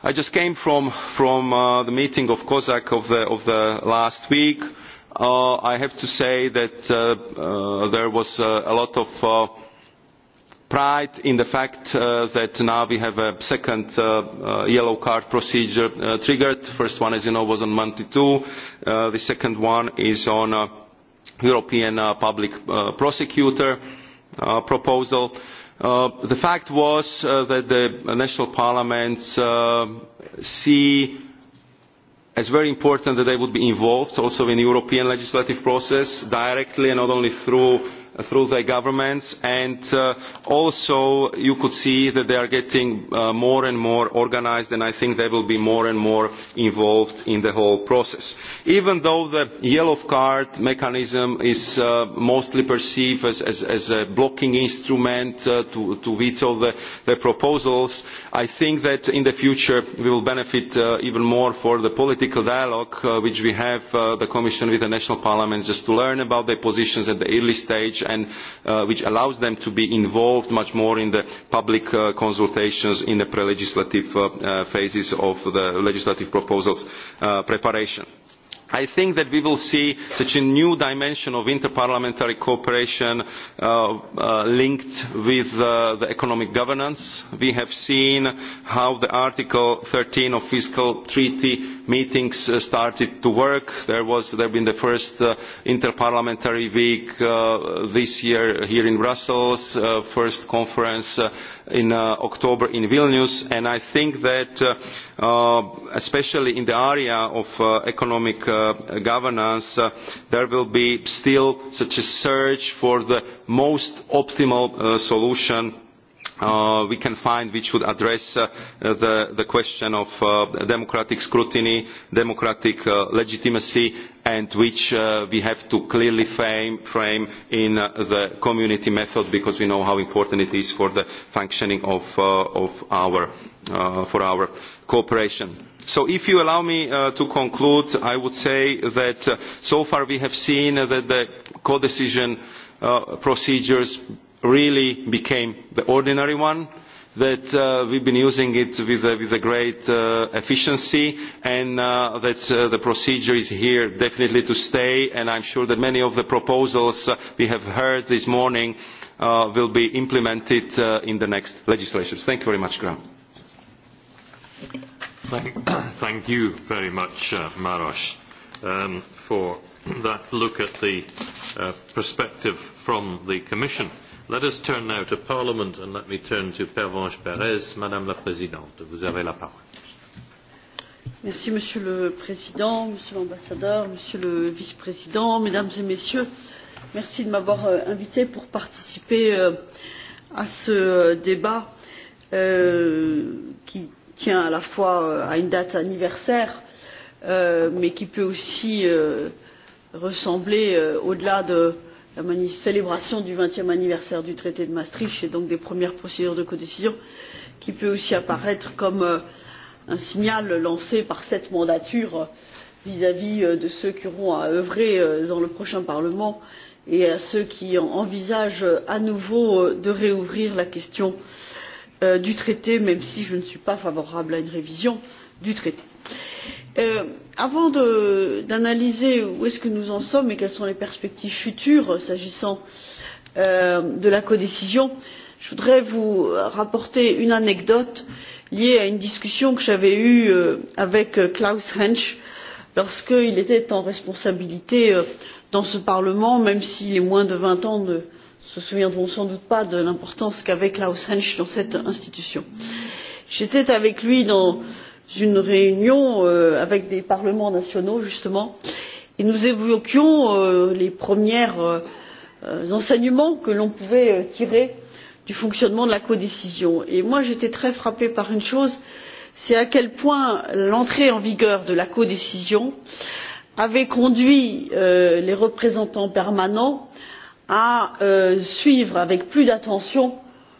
I just came from, from uh, the meeting of COSAC of the, of the last week. Uh, I have to say that uh, uh, there was uh, a lot of uh, pride in the fact uh, that now we have a second uh, uh, yellow card procedure uh, triggered. The first one, as you know, was on Monday 2. Uh, the second one is on uh, European uh, Public uh, Prosecutor uh, proposal. Uh, Uh, the fact was uh, that the national parliaments uh, see as very important that they would be involved also in the European legislative process directly and not only through through their governments and uh, also you could see that they are getting uh, more and more organized and I think they will be more and more involved in the whole process. Even though the yellow card mechanism is uh, mostly perceived as, as, as a blocking instrument uh, to, to veto the, the proposals, I think that in the future we will benefit uh, even more for the political dialogue uh, which we have uh, the Commission with the national parliaments just to learn about their positions at the early stage and uh, which allows them to be involved much more in the public uh, consultations in the pre-legislative uh, uh, phases of the legislative proposals uh, preparation. I think that we will see such a new dimension of interparliamentary cooperation uh, uh, linked with uh, the economic governance. We have seen how the Article 13 of Fiscal Treaty meetings uh, started to work. There was there been the first uh, interparliamentary week uh, this year here in Brussels, uh, first conference uh, in uh, October in Vilnius and I think that uh, uh, especially in the area of uh, economic uh, governance uh, there will be still such a search for the most optimal uh, solution uh, we can find which would address uh, the, the question of uh, democratic scrutiny, democratic uh, legitimacy, and which uh, we have to clearly frame, frame in uh, the community method because we know how important it is for the functioning of, uh, of our, uh, for our cooperation. So if you allow me uh, to conclude, I would say that uh, so far we have seen that the co-decision uh, procedures really became the ordinary one that uh, we've been using it with, uh, with a great uh, efficiency and uh, that uh, the procedure is here definitely to stay and I'm sure that many of the proposals uh, we have heard this morning uh, will be implemented uh, in the next legislation. Thank you very much, Graham. Thank, [COUGHS] thank you very much, uh, Maros, um, for that look at the uh, perspective from the Commission. Let us turn now to Parliament and let me turn to Pervenche Perez. Madame la Présidente, vous avez la parole. Merci Monsieur le Président, Monsieur l'Ambassadeur, Monsieur le Vice-président, Mesdames et Messieurs. Merci de m'avoir euh, invité pour participer euh, à ce euh, débat euh, qui tient à la fois euh, à une date anniversaire, euh, mais qui peut aussi euh, ressembler euh, au-delà de euh, la célébration du 20e anniversaire du traité de Maastricht et donc des premières procédures de codécision, qui peut aussi apparaître comme euh, un signal lancé par cette mandature euh, vis-à-vis -vis euh, de ceux qui auront à œuvrer euh, dans le prochain Parlement et à ceux qui envisagent à nouveau de réouvrir la question du traité, même si je ne suis pas favorable à une révision du traité. Euh, avant d'analyser où est-ce que nous en sommes et quelles sont les perspectives futures euh, s'agissant euh, de la codécision, je voudrais vous rapporter une anecdote liée à une discussion que j'avais eue euh, avec euh, Klaus Hensch lorsqu'il était en responsabilité dans ce Parlement, même si les moins de 20 ans ne se souviendront sans doute pas de l'importance qu'avait Klaus Hensch dans cette institution. J'étais avec lui dans une réunion euh, avec des parlements nationaux, justement, et nous évoquions euh, les premiers euh, enseignements que l'on pouvait euh, tirer du fonctionnement de la codécision. Et moi, j'étais très frappée par une chose, c'est à quel point l'entrée en vigueur de la codécision avait conduit euh, les représentants permanents à euh, suivre avec plus d'attention euh,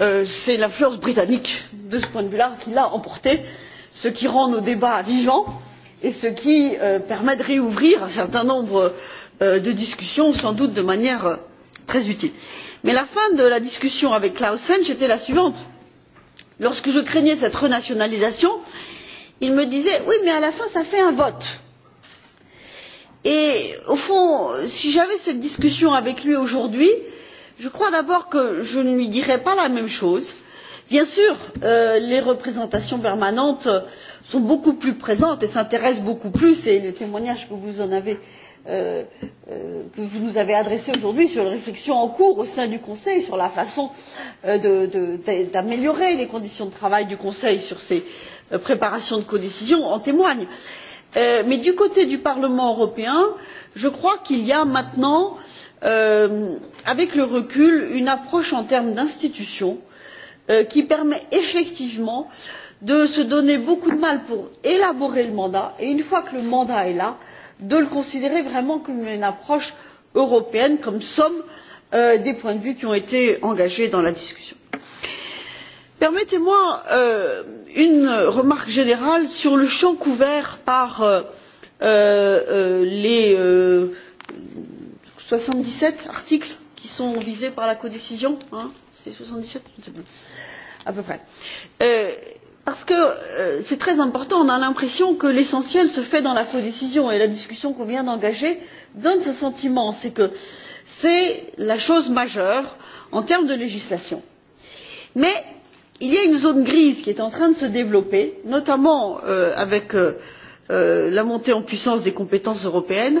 Euh, c'est l'influence britannique de ce point de vue là qui l'a emporté ce qui rend nos débats vivants et ce qui euh, permet de réouvrir un certain nombre euh, de discussions sans doute de manière euh, très utile. mais la fin de la discussion avec klaus hensch était la suivante lorsque je craignais cette renationalisation il me disait oui mais à la fin ça fait un vote. et au fond si j'avais cette discussion avec lui aujourd'hui euh, je crois d'abord que je ne lui dirai pas la même chose. Bien sûr, euh, les représentations permanentes sont beaucoup plus présentes et s'intéressent beaucoup plus et les témoignages que vous en avez euh, euh, que vous nous avez adressé aujourd'hui sur les réflexions en cours au sein du Conseil sur la façon euh, d'améliorer les conditions de travail du Conseil sur ces euh, préparations de codécision en témoignent. Euh, mais du côté du Parlement européen, je crois qu'il y a maintenant euh, euh, avec le recul, une approche en termes d'institutions euh, qui permet effectivement de se donner beaucoup de mal pour élaborer le mandat et une fois que le mandat est là, de le considérer vraiment comme une approche européenne, comme somme euh, des points de vue qui ont été engagés dans la discussion. Permettez moi euh, une remarque générale sur le champ couvert par euh, euh, les euh, 77 articles qui sont visés par la codécision. Hein C'est 77 Je ne sais plus. À peu près. Euh, parce que euh, c'est très important, on a l'impression que l'essentiel se fait dans la codécision et la discussion qu'on vient d'engager donne ce sentiment, c'est que c'est la chose majeure en termes de législation. Mais il y a une zone grise qui est en train de se développer, notamment euh, avec euh, euh, la montée en puissance des compétences européennes,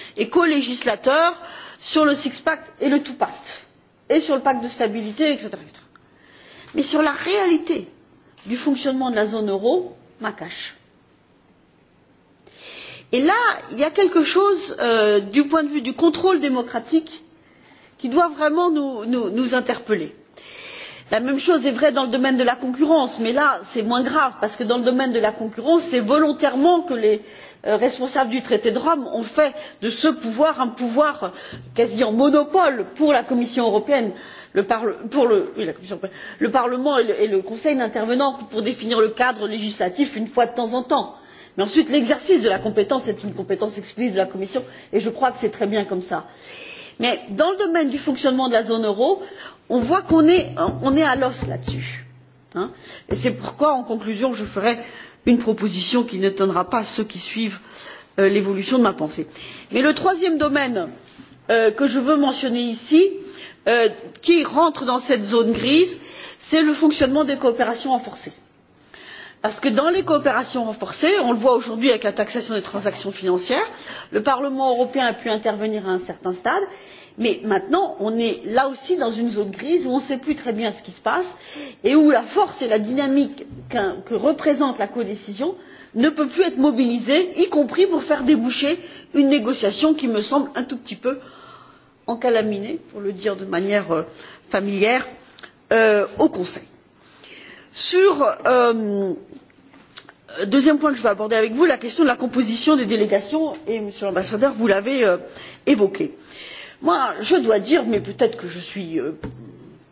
et colégislateur sur le six pack et le two pack et sur le pacte de stabilité, etc. etc. Mais sur la réalité du fonctionnement de la zone euro, ma cache. Et là, il y a quelque chose euh, du point de vue du contrôle démocratique qui doit vraiment nous, nous, nous interpeller. La même chose est vraie dans le domaine de la concurrence, mais là c'est moins grave parce que dans le domaine de la concurrence, c'est volontairement que les euh, responsables du traité de Rome ont fait de ce pouvoir un pouvoir quasi en monopole pour la Commission européenne. Le, parle, pour le, oui, la Commission, le Parlement et le, et le Conseil n'intervenant que pour définir le cadre législatif une fois de temps en temps. Mais ensuite, l'exercice de la compétence est une compétence exclusive de la Commission et je crois que c'est très bien comme ça. Mais dans le domaine du fonctionnement de la zone euro, on voit qu'on est, on est à l'os là-dessus. Hein Et c'est pourquoi, en conclusion, je ferai une proposition qui n'étonnera pas ceux qui suivent euh, l'évolution de ma pensée. Mais le troisième domaine euh, que je veux mentionner ici, euh, qui rentre dans cette zone grise, c'est le fonctionnement des coopérations renforcées Parce que dans les coopérations renforcées, on le voit aujourd'hui avec la taxation des transactions financières, le Parlement européen a pu intervenir à un certain stade, mais maintenant on est là aussi dans une zone grise où on ne sait plus très bien ce qui se passe et où la force et la dynamique qu que représente la codécision ne peut plus être mobilisée, y compris pour faire déboucher une négociation qui me semble un tout petit peu encalaminée, pour le dire de manière euh, familière, euh, au Conseil. Sur euh, Euh, deuxième point que je veux aborder avec vous la question de la composition des délégations et monsieur l'ambassadeur vous l'avez euh, évoquée. Moi, je dois dire mais peut être que je suis euh,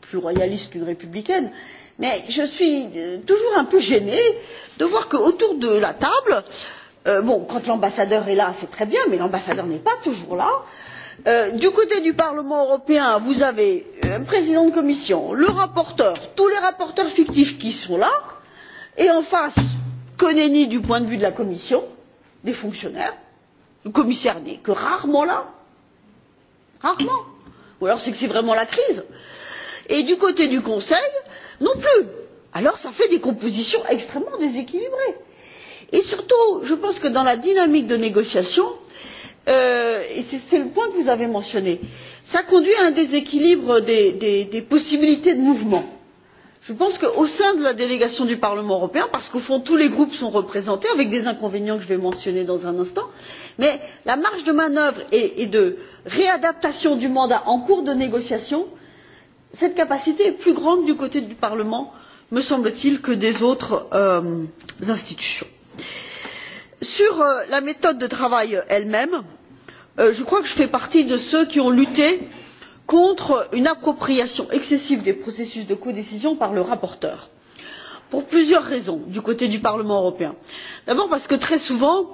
plus royaliste qu'une républicaine mais je suis toujours un peu gênée de voir qu'autour de la table bon quand l'ambassadeur est là c'est très bien mais l'ambassadeur n'est pas toujours là du côté du parlement européen vous avez un président de commission le rapporteur tous les rapporteurs fictifs qui sont là et en face ni du point de vue de la Commission, des fonctionnaires. Le commissaire n'est que rarement là. Rarement. Ou alors c'est que c'est vraiment la crise. Et du côté du Conseil, non plus. Alors ça fait des compositions extrêmement déséquilibrées. Et surtout, je pense que dans la dynamique de négociation, euh, et c'est le point que vous avez mentionné, ça conduit à un déséquilibre des, des, des possibilités de mouvement je pense qu'au sein de la délégation du parlement européen parce qu'au fond tous les groupes sont représentés avec des inconvénients que je vais mentionner dans un instant mais la marge de manœuvre et, et de réadaptation du mandat en cours de négociation cette capacité est plus grande du côté du parlement me semble t il que des autres euh, institutions. sur euh, la méthode de travail elle même euh, je crois que je fais partie de ceux qui ont lutté contre une appropriation excessive des processus de codécision par le rapporteur pour plusieurs raisons du côté du parlement européen. d'abord parce que très souvent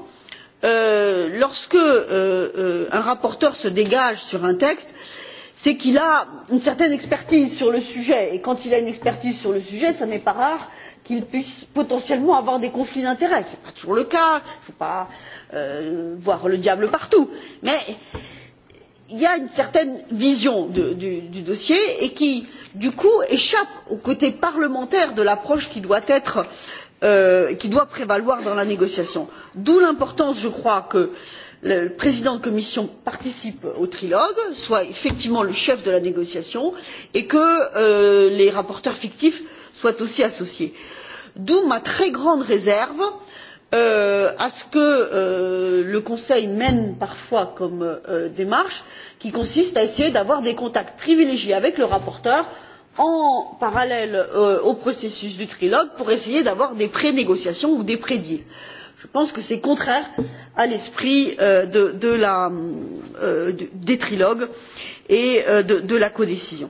euh, lorsque lorsqu'un euh, euh, rapporteur se dégage sur un texte c'est qu'il a une certaine expertise sur le sujet et quand il a une expertise sur le sujet ce n'est pas rare qu'il puisse potentiellement avoir des conflits d'intérêts. ce n'est pas toujours le cas il ne faut pas voir le diable partout mais il y a une certaine vision de, du, du dossier et qui, du coup, échappe au côté parlementaire de l'approche qui doit être euh, qui doit prévaloir dans la négociation. D'où l'importance, je crois, que le président de commission participe au trilogue, soit effectivement le chef de la négociation, et que euh, les rapporteurs fictifs soient aussi associés. D'où ma très grande réserve euh, euh, à ce que euh, le Conseil mène parfois comme euh, démarche, qui consiste à essayer d'avoir des contacts privilégiés avec le rapporteur en parallèle euh, au processus du trilogue pour essayer d'avoir des pré-négociations ou des pré-deals. Je pense que c'est contraire à l'esprit euh, de, de euh, des trilogues et euh, de, de la codécision.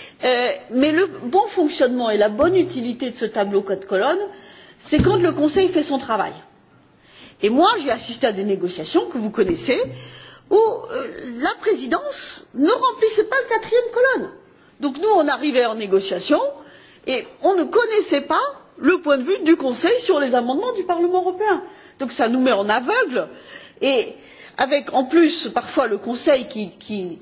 Euh, mais le bon fonctionnement et la bonne utilité de ce tableau code colonne, c'est quand le Conseil fait son travail. Et moi, j'ai assisté à des négociations que vous connaissez, où euh, la présidence ne remplissait pas le quatrième colonne. Donc nous, on arrivait en négociation et on ne connaissait pas le point de vue du Conseil sur les amendements du Parlement européen. Donc ça nous met en aveugle et avec en plus parfois le Conseil qui, qui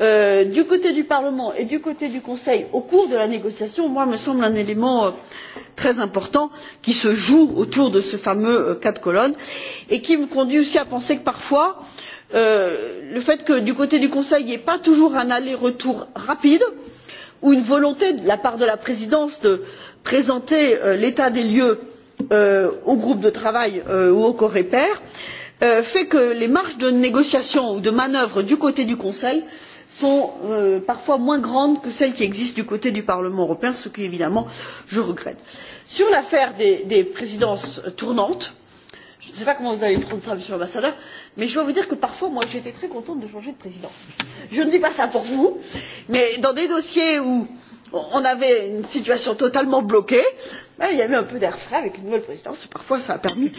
Euh, du côté du Parlement et du côté du Conseil au cours de la négociation, moi, me semble un élément euh, très important qui se joue autour de ce fameux euh, quatre colonnes et qui me conduit aussi à penser que parfois, euh, le fait que du côté du Conseil, il n'y ait pas toujours un aller-retour rapide ou une volonté de la part de la présidence de présenter euh, l'état des lieux euh, au groupe de travail euh, ou au coreper euh, fait que les marges de négociation ou de manœuvre du côté du conseil sont euh, parfois moins grandes que celles qui existent du côté du parlement européen ce que évidemment je regrette. sur l'affaire des, des présidences tournantes je ne sais pas comment vous allez prendre cela monsieur l'ambassadeur mais je dois vous dire que parfois moi, j'étais très contente de changer de présidence. je ne dis pas cela pour vous mais dans des dossiers où on avait une situation totalement bloquée Là, ah, il y avait un peu d'air frais avec une nouvelle présidence. Parfois, ça a permis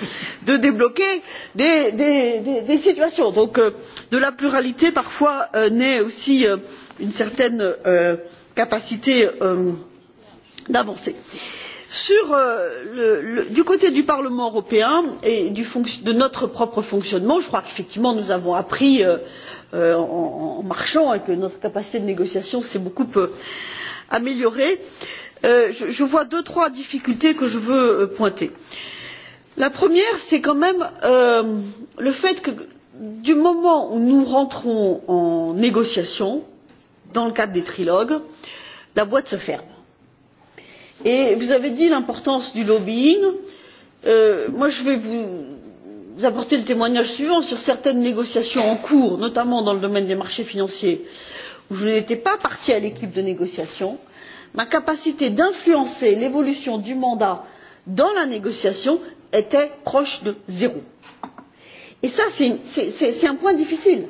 de débloquer des, des, des, des situations. Donc, euh, de la pluralité, parfois, euh, naît aussi euh, une certaine euh, capacité euh, d'avancer. Sur, euh, le, le, du côté du Parlement européen et du de notre propre fonctionnement, je crois qu'effectivement, nous avons appris euh, euh, en, en marchant et que notre capacité de négociation s'est beaucoup euh, améliorée. Euh, Euh, je, je vois deux trois difficultés que je veux euh, pointer. la première c'est quand même euh, le fait que du moment où nous rentrons en négociation dans le cadre des trilogues la boîte se ferme. et vous avez dit l'importance du lobbying. Euh, moi je vais vous vous apporter le témoignage suivant sur certaines négociations en cours, notamment dans le domaine des marchés financiers, où je n'étais pas partie à l'équipe de négociation ma capacité d'influencer l'évolution du mandat dans la négociation était proche de zéro. Et ça, c'est un point difficile.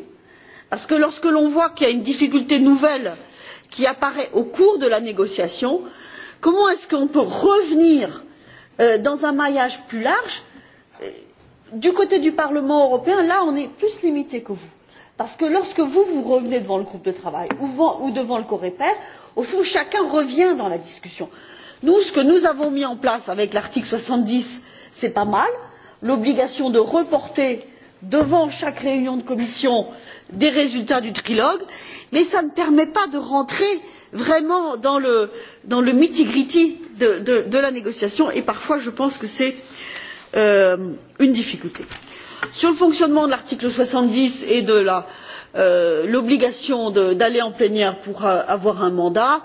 Parce que lorsque l'on voit qu'il y a une difficulté nouvelle qui apparaît au cours de la négociation, comment est-ce qu'on peut revenir euh, dans un maillage plus large euh, Du côté du Parlement européen, là, on est plus limité que vous. Parce que lorsque vous, vous revenez devant le groupe de travail ou devant, ou devant le Coreper, au fond, chacun revient dans la discussion. Nous, ce que nous avons mis en place avec l'article 70, c'est pas mal. L'obligation de reporter devant chaque réunion de commission des résultats du trilogue, mais ça ne permet pas de rentrer vraiment dans le, dans le mitigriti gritty de, de, de la négociation et parfois je pense que c'est euh, une difficulté. Euh, Sur le fonctionnement de l'article soixante dix et de euh, l'obligation euh, d'aller en plénière pour euh, avoir un mandat,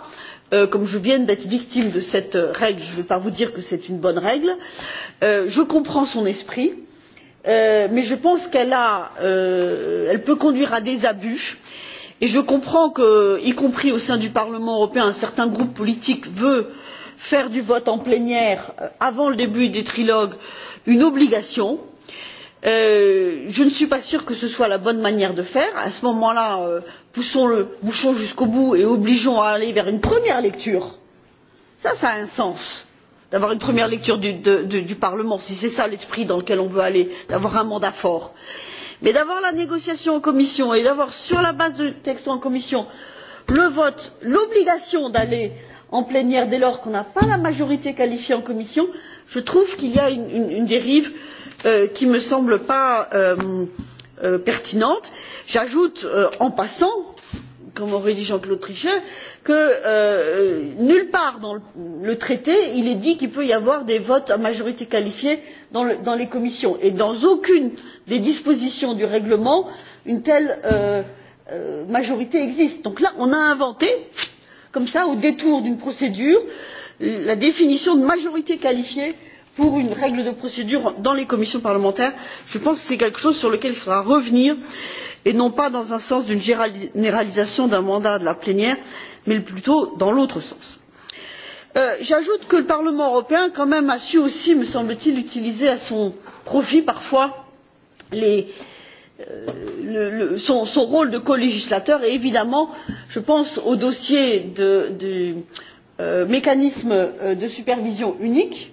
euh, comme je viens d'être victime de cette règle, je ne vais pas vous dire que c'est une bonne règle. Euh, je comprends son esprit, euh, mais je pense qu'elle peut conduire à des abus. Et je comprends que, y compris au sein du Parlement européen, un certain groupe politique veut faire du vote en plénière avant le début des trilogues une obligation Euh, je ne suis pas sûre que ce soit la bonne manière de faire. À ce moment là, euh, poussons le bouchon jusqu'au bout et obligeons à aller vers une première lecture. Ça, ça a un sens d'avoir une première lecture du, de, du, du Parlement, si c'est ça l'esprit dans lequel on veut aller, d'avoir un mandat fort. Mais d'avoir la négociation en commission et d'avoir sur la base de texte en commission le vote, l'obligation d'aller en plénière dès lors qu'on n'a pas la majorité qualifiée en commission, je trouve qu'il y a une, une, une dérive euh, Euh, qui ne me semble pas euh, euh, pertinente. J'ajoute euh, en passant comme aurait dit Jean Claude Trichet, que euh, nulle part dans le, le traité il est dit qu'il peut y avoir des votes à majorité qualifiée dans, le, dans les commissions et dans aucune des dispositions du règlement une telle euh, euh, majorité existe. Donc là on a inventé comme ça au détour d'une procédure la définition de majorité qualifiée pour une règle de procédure dans les commissions parlementaires je pense que c'est quelque chose sur lequel il faudra revenir et non pas dans un sens d'une généralisation d'un mandat de la plénière mais plutôt dans l'autre sens. Euh, j'ajoute que le parlement européen quand même a su aussi me semble t il utiliser à son profit parfois les, euh, le, le, son, son rôle de colégislateur et évidemment je pense au dossier du euh, mécanisme euh, de supervision unique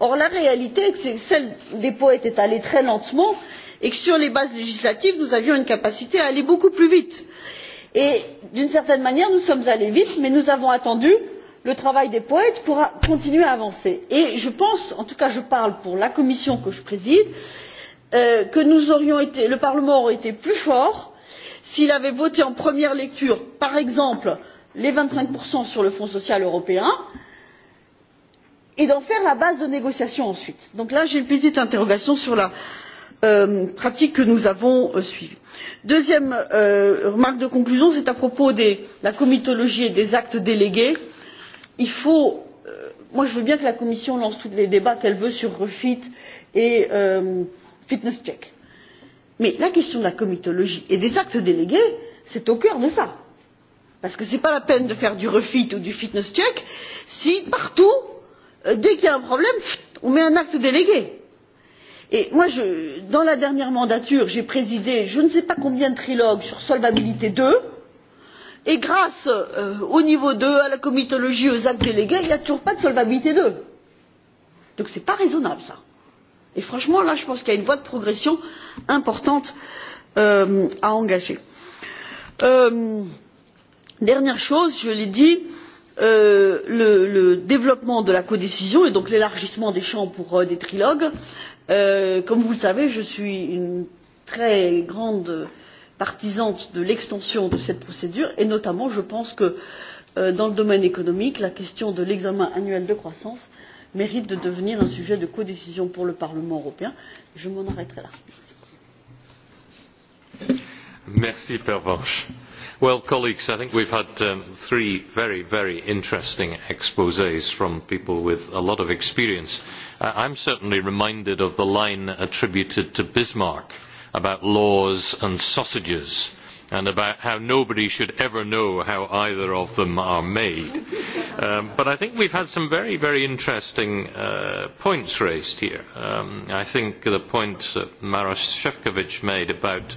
Or, la réalité, c'est que celle des poètes est allée très lentement et que sur les bases législatives, nous avions une capacité à aller beaucoup plus vite. Et d'une certaine manière, nous sommes allés vite, mais nous avons attendu le travail des poètes pour continuer à avancer. Et je pense, en tout cas je parle pour la commission que je préside, euh, que nous aurions été, le Parlement aurait été plus fort s'il avait voté en première lecture, par exemple, les vingt cinq sur le Fonds social européen, et d'en faire la base de négociation ensuite. donc là j'ai une petite interrogation sur la euh, pratique que nous avons euh, suivie. deuxième euh, remarque de conclusion c'est à propos de la comitologie et des actes délégués. il faut euh, moi je veux bien que la commission lance tous les débats qu'elle veut sur refit et euh, fitness check mais la question de la comitologie et des actes délégués c'est au cœur de ça parce que ce n'est pas la peine de faire du refit ou du fitness check si partout Euh, dès qu'il y a un problème on met un acte délégué. Et moi, je, dans la dernière mandature, j'ai présidé je ne sais pas combien de trilogues sur solvabilité 2. Et grâce euh, au niveau 2, à la comitologie, aux actes délégués, il n'y a toujours pas de solvabilité 2. Donc ce n'est pas raisonnable, ça. Et franchement, là, je pense qu'il y a une voie de progression importante euh, à engager. Euh, dernière chose, je l'ai dit, euh, euh, le, le développement de la codécision et donc l'élargissement des champs pour euh, des trilogues. Euh, comme vous le savez, je suis une très grande partisante de l'extension de cette procédure et notamment je pense que euh, dans le domaine économique, la question de l'examen annuel de croissance mérite de devenir un sujet de codécision pour le Parlement européen. Je m'en arrêterai là. Merci, Pervenche. Well, colleagues, I think we've had um, three very, very interesting exposés from people with a lot of experience. Uh, I'm certainly reminded of the line attributed to Bismarck about laws and sausages and about how nobody should ever know how either of them are made. Um, but I think we've had some very, very interesting uh, points raised here. Um, I think the point that Maros Shevkovich made about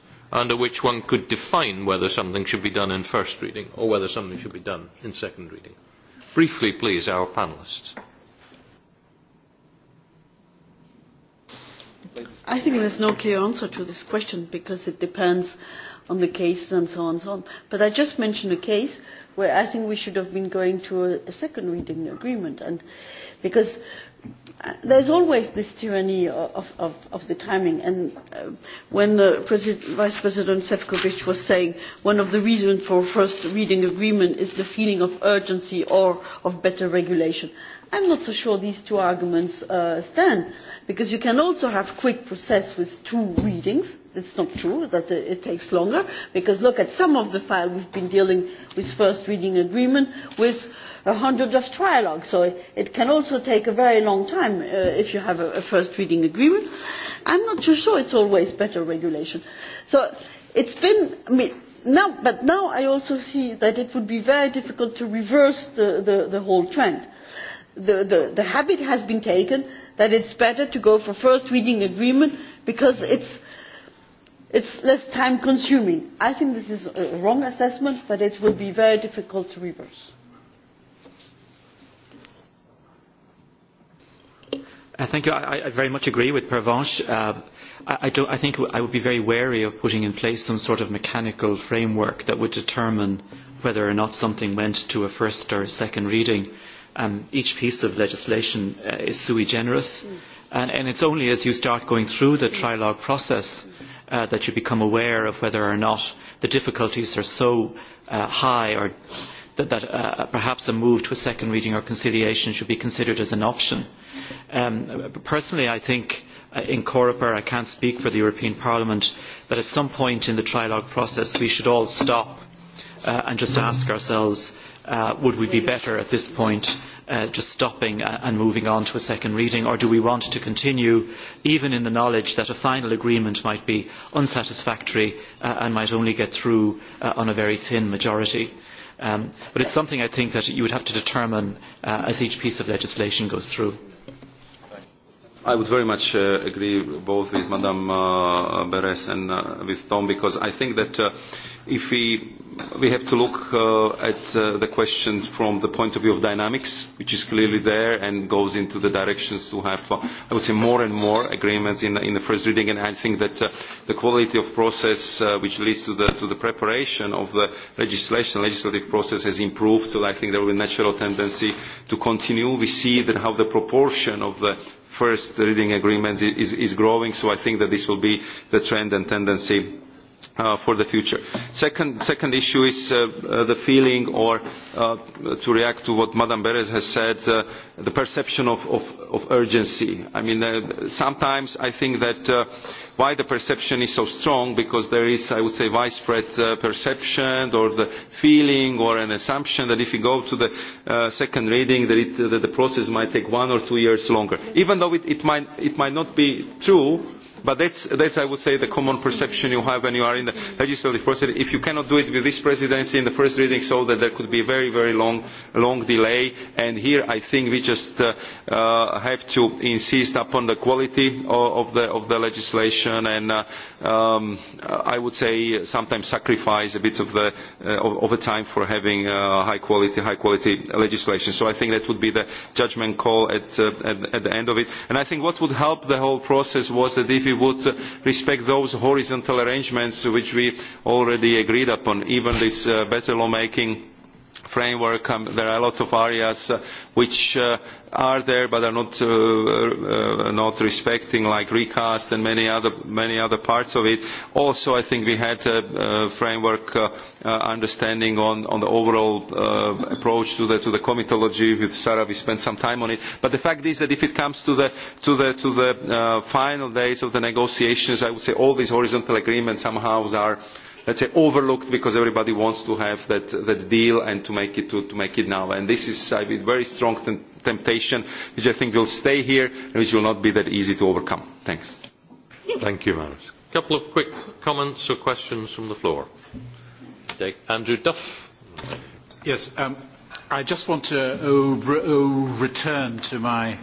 under which one could define whether something should be done in first reading or whether something should be done in second reading. Briefly, please, our panelists I think there's no clear answer to this question because it depends on the cases and so on and so on. But I just mentioned a case where I think we should have been going to a, a second reading agreement. And because there's always this tyranny of, of, of the timing. And uh, when the President, Vice President Sefcovic was saying one of the reasons for first reading agreement is the feeling of urgency or of better regulation, I'm not so sure these two arguments uh, stand, because you can also have quick process with two readings. It's not true that it takes longer, because look at some of the files we've been dealing with first reading agreement with hundred of trialogues, so it can also take a very long time uh, if you have a, a first reading agreement. I'm not too sure it's always better regulation. So it's been, I mean, now, but now I also see that it would be very difficult to reverse the, the, the whole trend. The, the, the habit has been taken that it's better to go for first reading agreement because it's, it's less time consuming. I think this is a wrong assessment, but it will be very difficult to reverse. I thank you. I, I very much agree with Pervenche. Uh, I, I, I think I would be very wary of putting in place some sort of mechanical framework that would determine whether or not something went to a first or second reading. Um, each piece of legislation uh, is sui generis, mm. and, and it's only as you start going through the trilogue process uh, that you become aware of whether or not the difficulties are so uh, high or that, that uh, perhaps a move to a second reading or conciliation should be considered as an option. Um, personally, I think uh, in Coreper, I can't speak for the European Parliament, but at some point in the trilogue process, we should all stop uh, and just ask ourselves, uh, would we be better at this point uh, just stopping uh, and moving on to a second reading, or do we want to continue, even in the knowledge that a final agreement might be unsatisfactory uh, and might only get through uh, on a very thin majority? Um, but it's something I think that you would have to determine uh, as each piece of legislation goes through. I would very much uh, agree both with Madame uh, Beres and uh, with Tom because I think that uh, if we, we have to look uh, at uh, the question from the point of view of dynamics, which is clearly mm-hmm. there and goes into the directions to have, uh, I would say, more and more agreements in, in the first reading. And I think that uh, the quality of process uh, which leads to the, to the preparation of the legislation, legislative process has improved. So I think there will be a natural tendency to continue. We see that how the proportion of the first reading agreements is, is growing. So I think that this will be the trend and tendency uh, for the future. Second, second issue is uh, uh, the feeling or uh, to react to what Madame Beres has said, uh, the perception of, of, of urgency. I mean, uh, sometimes I think that uh, why the perception is so strong because there is, I would say, widespread uh, perception or the feeling or an assumption that if you go to the uh, second reading that, it, uh, that the process might take one or two years longer. Even though it, it, might, it might not be true, But that's, that's, I would say, the common perception you have when you are in the legislative process. If you cannot do it with this presidency in the first reading, so that there could be a very, very long, long delay. And here I think we just uh, uh, have to insist upon the quality of, of, the, of the legislation and uh, um, I would say sometimes sacrifice a bit of, the, uh, of, of a time for having uh, high, quality, high quality legislation. So I think that would be the judgment call at, uh, at, at the end of it. And I think what would help the whole process was that if you we would respect those horizontal arrangements which we already agreed upon, even this uh, better lawmaking framework. Um, there are a lot of areas uh, which uh, are there but are not, uh, uh, not respecting, like recast and many other, many other parts of it. Also, I think we had a, a framework uh, uh, understanding on, on the overall uh, approach to the, to the comitology with Sarah. We spent some time on it. But the fact is that if it comes to the, to the, to the uh, final days of the negotiations, I would say all these horizontal agreements somehow are – let's say, overlooked because everybody wants to have that, that deal and to make, it, to, to make it now. And this is I mean, very strong tem temptation, which I think will stay here and which will not be that easy to overcome. Thanks. Thank you, Maris. A couple of quick comments or questions from the floor. Andrew Duff. Yes, um, I just want to uh, re uh, return to my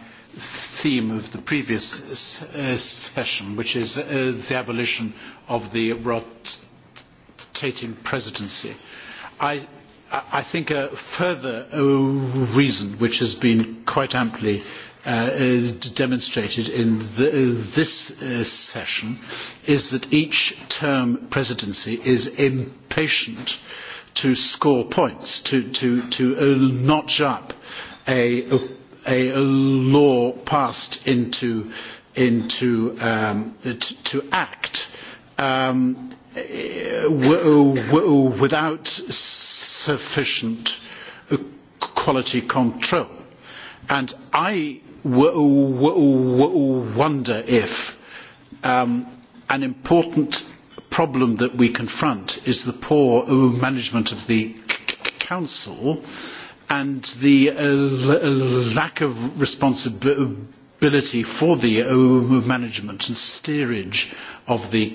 theme of the previous uh, session, which is uh, the abolition of the rot rotating presidency. I, I think a further reason, which has been quite amply uh, uh demonstrated in the, uh, this uh, session, is that each term presidency is impatient to score points, to, to, to uh, notch up a, a, a law passed into, into um, to, to act. Um, without sufficient quality control. And I wonder if um, an important problem that we confront is the poor management of the council and the uh, uh, lack of responsibility for the uh, management and steerage of the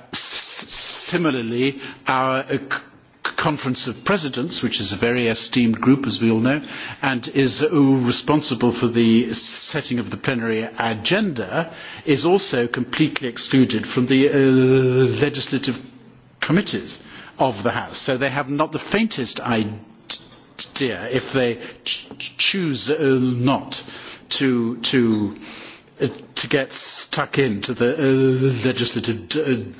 similarly, our uh, Conference of Presidents, which is a very esteemed group, as we all know, and is uh, responsible for the setting of the plenary agenda, is also completely excluded from the uh, legislative committees of the House. So they have not the faintest idea, if they ch choose uh, not to, to, uh, to get stuck into the uh legislative uh,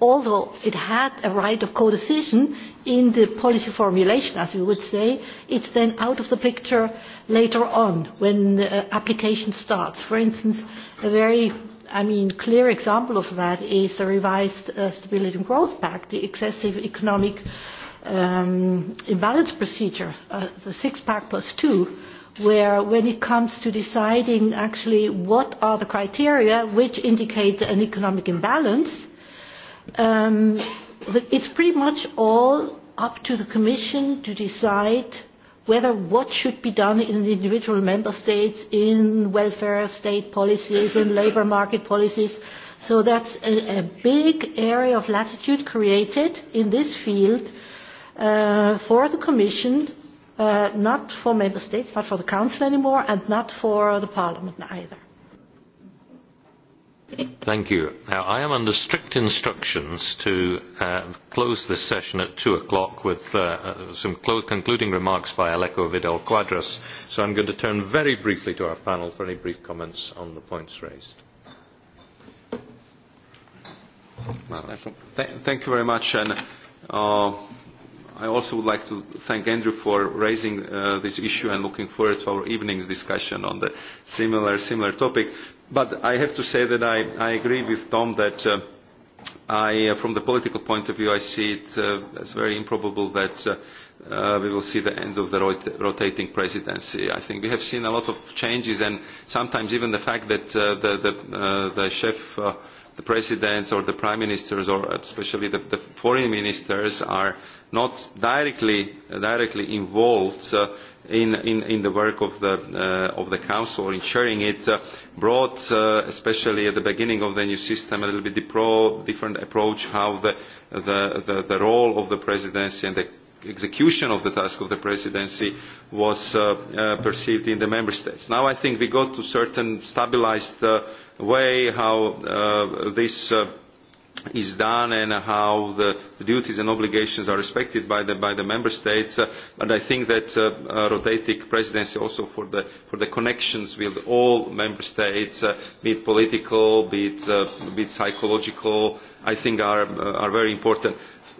although it had a right of co-decision in the policy formulation, as we would say, it's then out of the picture later on when the uh, application starts. For instance, a very I mean, clear example of that is the revised uh, Stability and Growth Pact, the excessive economic um, imbalance procedure, uh, the six-pack plus two, where when it comes to deciding actually what are the criteria which indicate an economic imbalance, Um, it's pretty much all up to the Commission to decide whether what should be done in the individual member states in welfare state policies, and labor market policies. So that's a, a big area of latitude created in this field uh, for the Commission, uh, not for member states, not for the Council anymore, and not for the Parliament either. Thank you. Now, I am under strict instructions to uh, close this session at two o'clock with uh, uh, some clo concluding remarks by Aleko Vidal Quadras, so I'm going to turn very briefly to our panel for any brief comments on the points raised. Th thank you very much. And, uh, I also would like to thank Andrew for raising uh, this issue and looking forward to our evening's discussion on the similar, similar topic. But I have to say that I, I agree with Tom that uh, I, uh, from the political point of view, I see it uh, as very improbable that uh, uh, we will see the end of the rot rotating presidency. I think we have seen a lot of changes and sometimes even the fact that uh, the, the, uh, the chef, uh, the presidents or the prime ministers or especially the, the foreign ministers are not directly, directly involved uh, in, in, in the work of the, uh, of the Council, in sharing it, uh, brought, uh, especially at the beginning of the new system, a little bit pro different approach how the, the, the, the role of the Presidency and the execution of the task of the presidency was uh, uh, perceived in the member states. Now I think we got to certain stabilized uh, way how uh, this uh, is done and how the, the duties and obligations are respected by the, by the member states. Uh, and I think that uh, uh, rotating presidency also for the, for the connections with all member states, uh, be it political, be it, uh, be it psychological, I think are, uh, are very important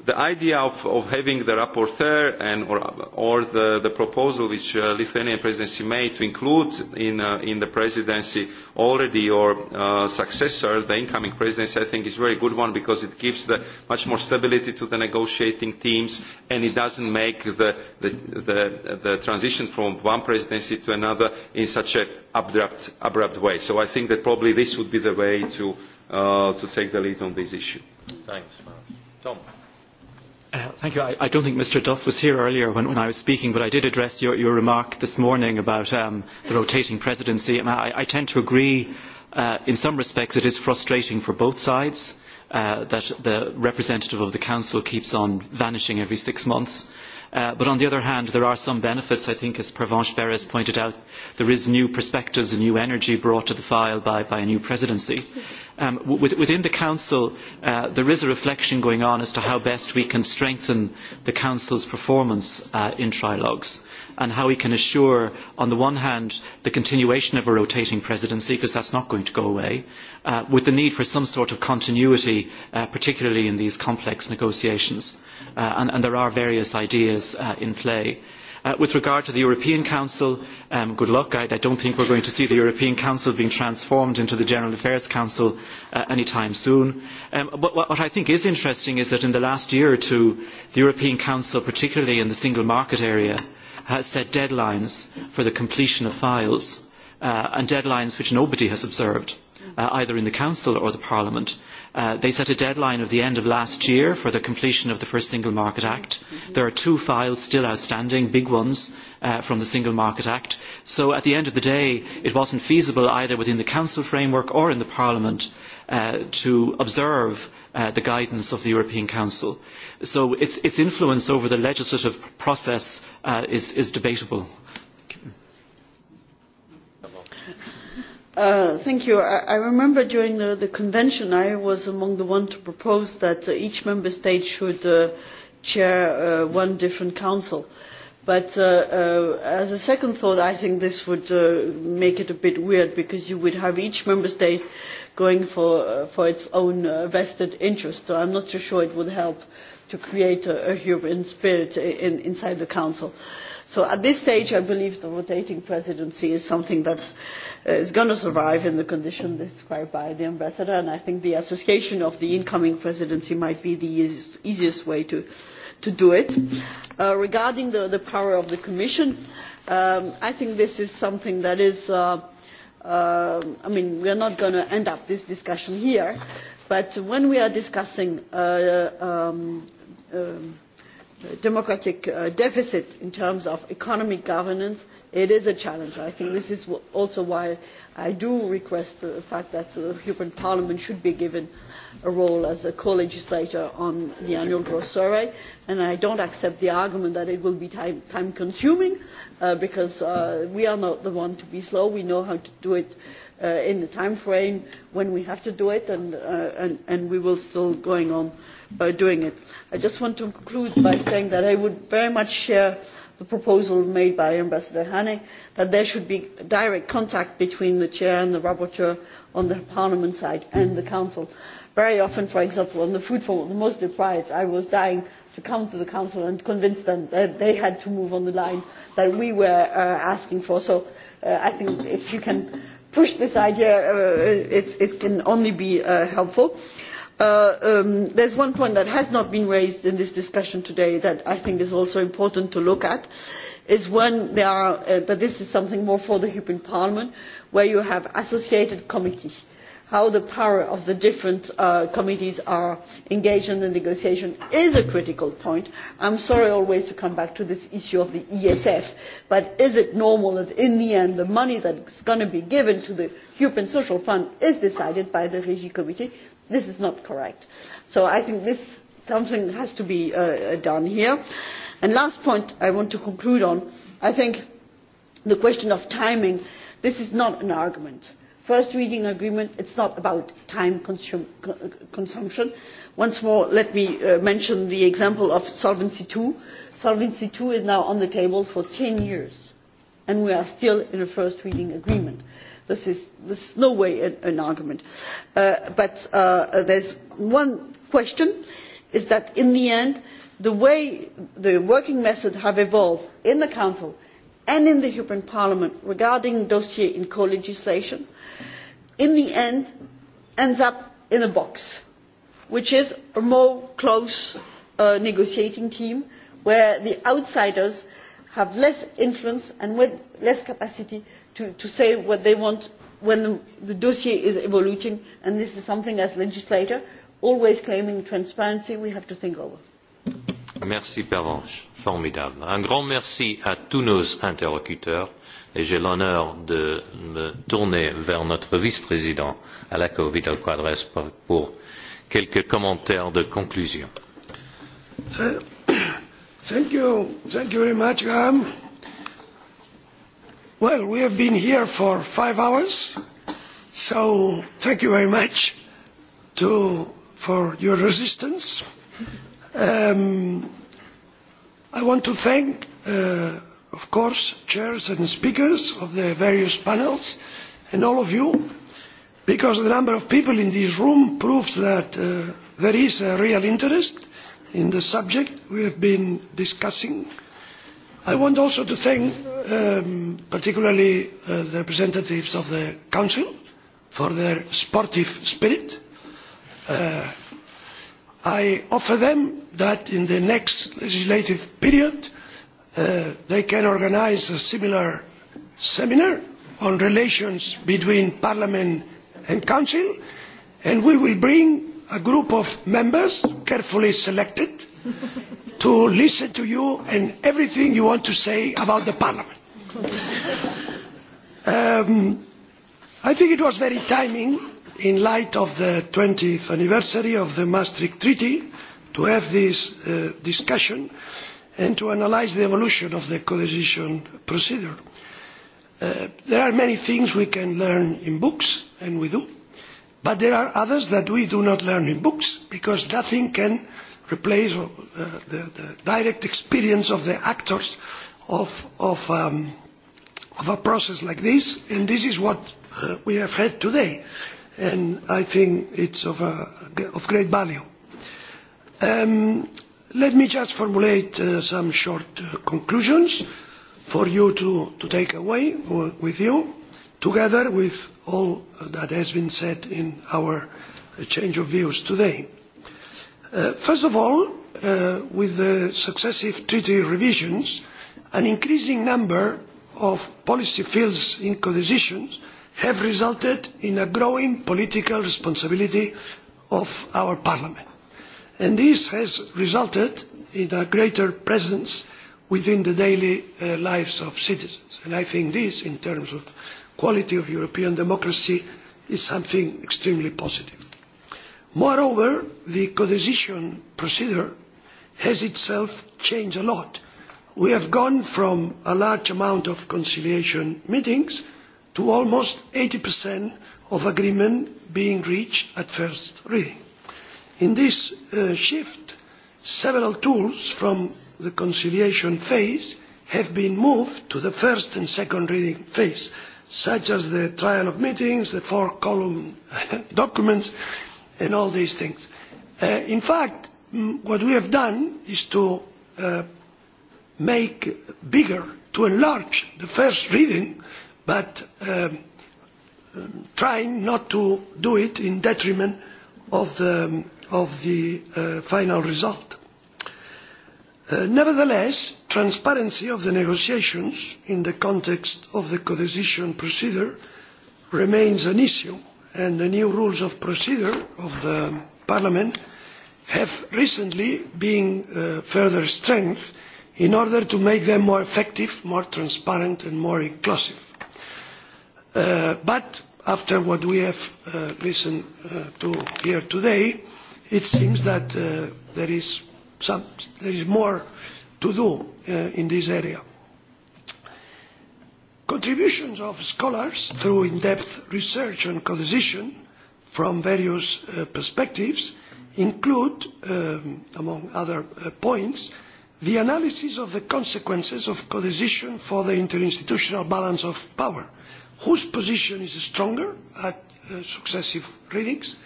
the idea of, of having the rapporteur and or, or the, the proposal which uh, Lithuanian presidency made to include in, uh, in the presidency already your uh, successor, the incoming presidency, I think is a very good one because it gives the much more stability to the negotiating teams and it doesn't make the, the, the, the transition from one presidency to another in such an abrupt, abrupt way. So I think that probably this would be the way to, uh, to take the lead on this issue. Thanks, Mark. Tom. Uh, thank you. I, I don't think Mr. Duff was here earlier when, when I was speaking, but I did address your, your remark this morning about um, the rotating presidency. And I, I tend to agree, uh, in some respects, it is frustrating for both sides uh, that the representative of the Council keeps on vanishing every six months. Uh, but on the other hand, there are some benefits, I think, as Pervenche Beres pointed out. There is new perspectives and new energy brought to the file by, by a new presidency. Um, with, within the Council, uh, there is a reflection going on as to how best we can strengthen the Council's performance uh, in trilogues and how we can assure, on the one hand, the continuation of a rotating presidency, because that's not going to go away, uh, with the need for some sort of continuity, uh, particularly in these complex negotiations. Uh, and, and there are various ideas uh, in play. Uh, with regard to the European Council, um, good luck. I, I don't think we're going to see the European Council being transformed into the General Affairs Council uh, anytime soon. Um, but what, what I think is interesting is that in the last year or two, the European Council, particularly in the single market area, set deadlines for the completion of files uh, and deadlines which nobody has observed, uh, either in the Council or the Parliament. Uh, they set a deadline of the end of last year for the completion of the first Single Market Act. There are two files still outstanding, big ones, uh, from the Single Market Act. So at the end of the day, it wasn't feasible either within the Council framework or in the Parliament uh, to observe uh, the guidance of the European Council. So its, its influence over the legislative process uh, is, is debatable. Uh, thank you. I, I remember during the, the convention I was among the one to propose that uh, each member state should uh, chair uh, one different council. But uh, uh, as a second thought, I think this would uh, make it a bit weird because you would have each member state going for, uh, for its own uh, vested interest. So I'm not too sure it would help to create a, a human spirit in, inside the council. So at this stage, I believe the rotating presidency is something that's Uh, is going to survive in the condition described by the ambassador, and I think the association of the incoming presidency might be the easiest, easiest way to, to do it. Uh, regarding the, the power of the Commission, um, I think this is something that is, uh, uh, I mean, we're not going to end up this discussion here, but when we are discussing uh, um, um, democratic uh, deficit in terms of economic governance, it is a challenge. I think this is also why I do request the fact that the European Parliament should be given a role as a co-legislator on the annual growth survey, and I don't accept the argument that it will be time-consuming, time uh, because uh, we are not the one to be slow. We know how to do it uh, in the time frame when we have to do it, and, uh, and, and we will still going on uh, doing it. I just want to conclude by saying that I would very much share the proposal made by Ambassador Hane that there should be direct contact between the chair and the rapporteur on the parliament side and the council. Very often, for example, on the food for the most deprived, I was dying to come to the council and convince them that they had to move on the line that we were uh, asking for. So uh, I think if you can push this idea, uh, it, it can only be uh, helpful. Uh, um, there is one point that has not been raised in this discussion today that I think is also important to look at, is when there are, uh, but this is something more for the European Parliament, where you have associated committees, how the power of the different uh, committees are engaged in the negotiation is a critical point. I am sorry always to come back to this issue of the ESF, but is it normal that in the end the money that is going to be given to the European Social Fund is decided by the Regi Committee? This is not correct. So I think this something has to be uh, uh, done here. And last point I want to conclude on, I think the question of timing, this is not an argument. First reading agreement, it's not about time consum consumption. Once more, let me uh, mention the example of Solvency II. Solvency II is now on the table for 10 years, and we are still in a first reading agreement. Mm -hmm. This is there's no way an, an argument. Uh, but uh, there's one question is that in the end, the way the working method have evolved in the Council and in the European Parliament regarding dossier in co-legislation, in the end, ends up in a box, which is a more close uh, negotiating team where the outsiders have less influence and with less capacity to, to say what they want when the, the dossier is evolving, and this is something as legislator, always claiming transparency, we have to think over. Merci Pervenche, formidable. Un grand merci à tous nos interlocuteurs et j'ai l'honneur de me tourner vers notre vice-président à la COVID au Quadres pour quelques commentaires de conclusion. Thank [COUGHS] you. Thank you very much, Graham. Well, we have been here for five hours, so thank you very much to, for your resistance. Um, I want to thank, uh, of course, chairs and speakers of the various panels and all of you, because the number of people in this room proves that uh, there is a real interest in the subject we have been discussing. I want also to thank um, particularly uh, the representatives of the Council for their sportive spirit. Uh, I offer them that in the next legislative period uh, they can organise a similar seminar on relations between Parliament and Council and we will bring a group of members carefully selected to listen to you and everything you want to say about the Parliament. Um, I think it was very timing in light of the 20th anniversary of the Maastricht Treaty to have this uh, discussion and to analyse the evolution of the codecision procedure. Uh, there are many things we can learn in books, and we do, but there are others that we do not learn in books because nothing can replace uh, the, the direct experience of the actors of, of, um, of a process like this, and this is what uh, we have had today, and I think it's of, a, uh, of great value. Um, let me just formulate uh, some short uh, conclusions for you to, to take away uh, with you, together with all that has been said in our uh, change of views today. Uh, first of all, uh, with the successive treaty revisions, an increasing number of policy fields in codecisions have resulted in a growing political responsibility of our parliament. And this has resulted in a greater presence within the daily uh, lives of citizens. And I think this, in terms of quality of European democracy, is something extremely positive. Moreover, the codecision procedure has itself changed a lot. We have gone from a large amount of conciliation meetings to almost 80% of agreement being reached at first reading. In this uh, shift, several tools from the conciliation phase have been moved to the first and second reading phase, such as the trial of meetings, the four column [LAUGHS] documents, and all these things. Uh, in fact, what we have done is to uh, make bigger, to enlarge the first reading, but um, trying not to do it in detriment of the, um, of the uh, final result. Uh, nevertheless, transparency of the negotiations in the context of the codecision procedure remains an issue and the new rules of procedure of the Parliament have recently been uh, further strengthened in order to make them more effective, more transparent and more inclusive. Uh, but after what we have uh, listened uh, to here today, it seems that uh, there, is some, there is more to do uh, in this area. Contributions of scholars through in-depth research and composition from various uh, perspectives include, um, among other uh, points, the analysis of the consequences of codecision for the interinstitutional balance of power, whose position is stronger at uh, successive readings.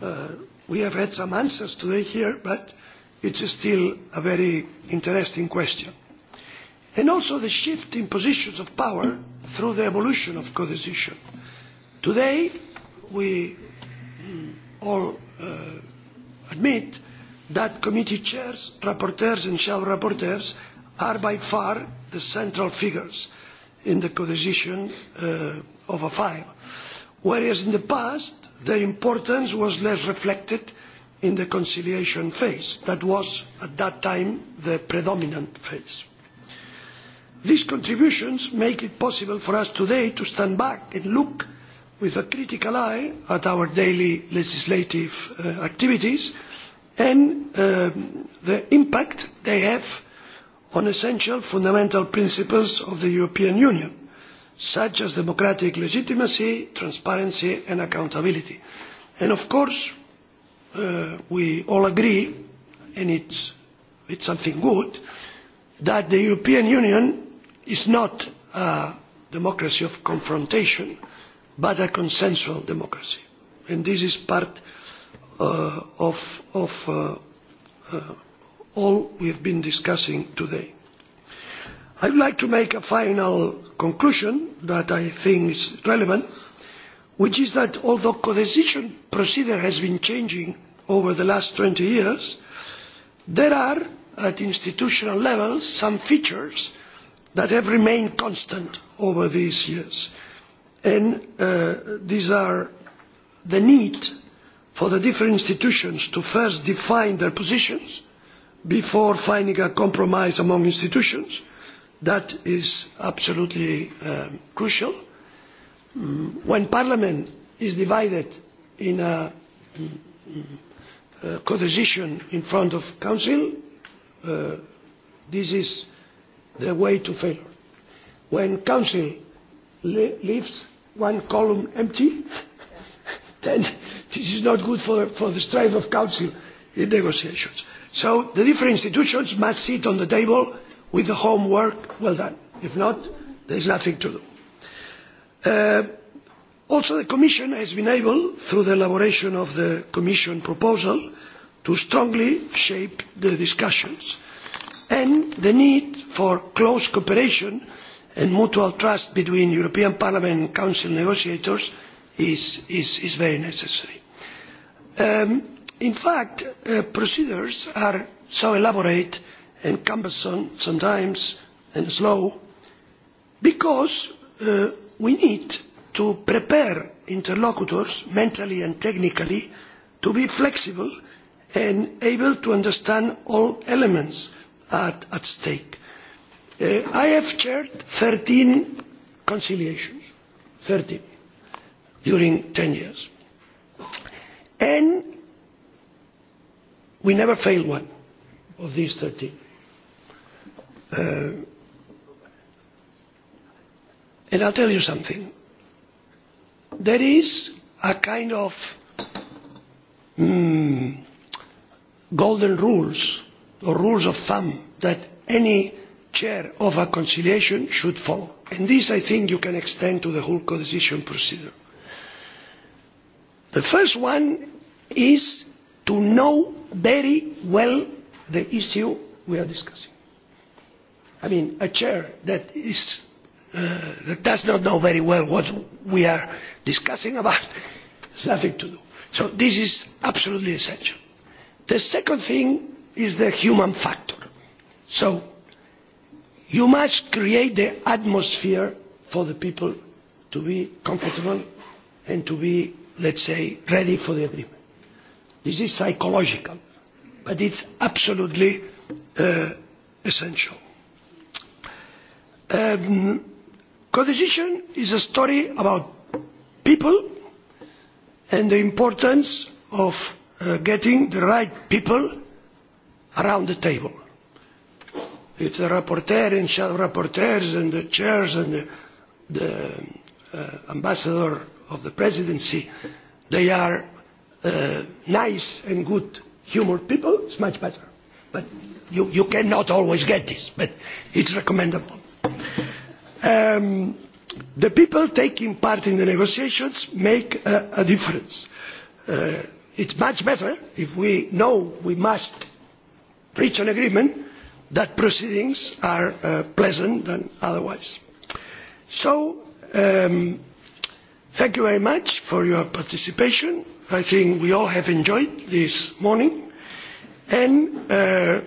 Uh, we have had some answers today here, but it's still a very interesting question and also the shift in positions of power through the evolution of codecision. Today, we mm, all uh, admit that committee chairs, rapporteurs and shadow rapporteurs are by far the central figures in the codecision uh, of a file, whereas in the past their importance was less reflected in the conciliation phase. That was at that time the predominant phase. These contributions make it possible for us today to stand back and look with a critical eye at our daily legislative uh, activities and um, the impact they have on essential fundamental principles of the European Union, such as democratic legitimacy, transparency and accountability. And of course, uh, we all agree, and it's, it's something good, that the European Union is not a democracy of confrontation, but a consensual democracy. And this is part uh, of, of uh, uh, all we have been discussing today. I would like to make a final conclusion that I think is relevant, which is that although co-decision procedure has been changing over the last 20 years, there are at institutional level some features that have remained constant over these years. And uh, these are the need for the different institutions to first define their positions before finding a compromise among institutions. That is absolutely um, crucial. Mm, when Parliament is divided in a, mm, mm, uh, co-decision in front of Council, uh, this is the way to failure. When Council le leaves one column empty, [LAUGHS] then this is not good for, for the strife of Council in negotiations. So the different institutions must sit on the table with the homework well done. If not, there is nothing to do. Uh, also, the Commission has been able, through the elaboration of the Commission proposal, to strongly shape the discussions and the need for close cooperation and mutual trust between European Parliament and Council negotiators is, is, is very necessary. Um, in fact, uh, procedures are so elaborate and cumbersome sometimes and slow because uh, we need to prepare interlocutors mentally and technically to be flexible and able to understand all elements at, at stake. Uh, I have chaired 13 conciliations, 13, during 10 years. And we never failed one of these 13. Uh, and I'll tell you something. There is a kind of mm, golden rules or rules of thumb that any chair of a conciliation should follow. And this, I think, you can extend to the whole co-decision procedure. The first one is to know very well the issue we are discussing. I mean, a chair that, is, uh, that does not know very well what we are discussing about [LAUGHS] has nothing to do. So this is absolutely essential. The second thing is the human factor. So you must create the atmosphere for the people to be comfortable and to be, let's say, ready for the agreement. This is psychological, but it's absolutely uh, essential. Um, codecision is a story about people and the importance of uh, getting the right people around the table. If the rapporteur and shadow rapporteurs and the chairs and the, the uh, ambassador of the presidency, they are uh, nice and good humored people, it's much better. But you, you cannot always get this, but it's recommendable. Um, the people taking part in the negotiations make a, a difference. Uh, it's much better if we know we must reach an agreement that proceedings are uh, pleasant than otherwise. So, um, thank you very much for your participation. I think we all have enjoyed this morning. And uh,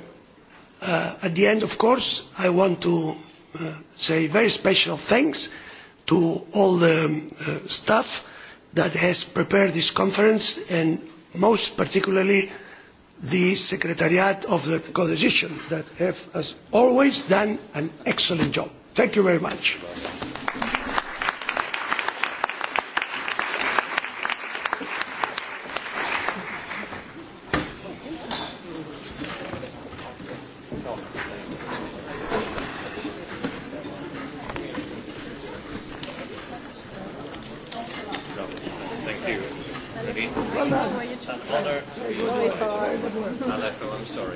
uh, at the end, of course, I want to uh, say very special thanks to all the um, uh, staff that has prepared this conference and most particularly the Secretariat of the Coalition that have, as always, done an excellent job. Thank you very much.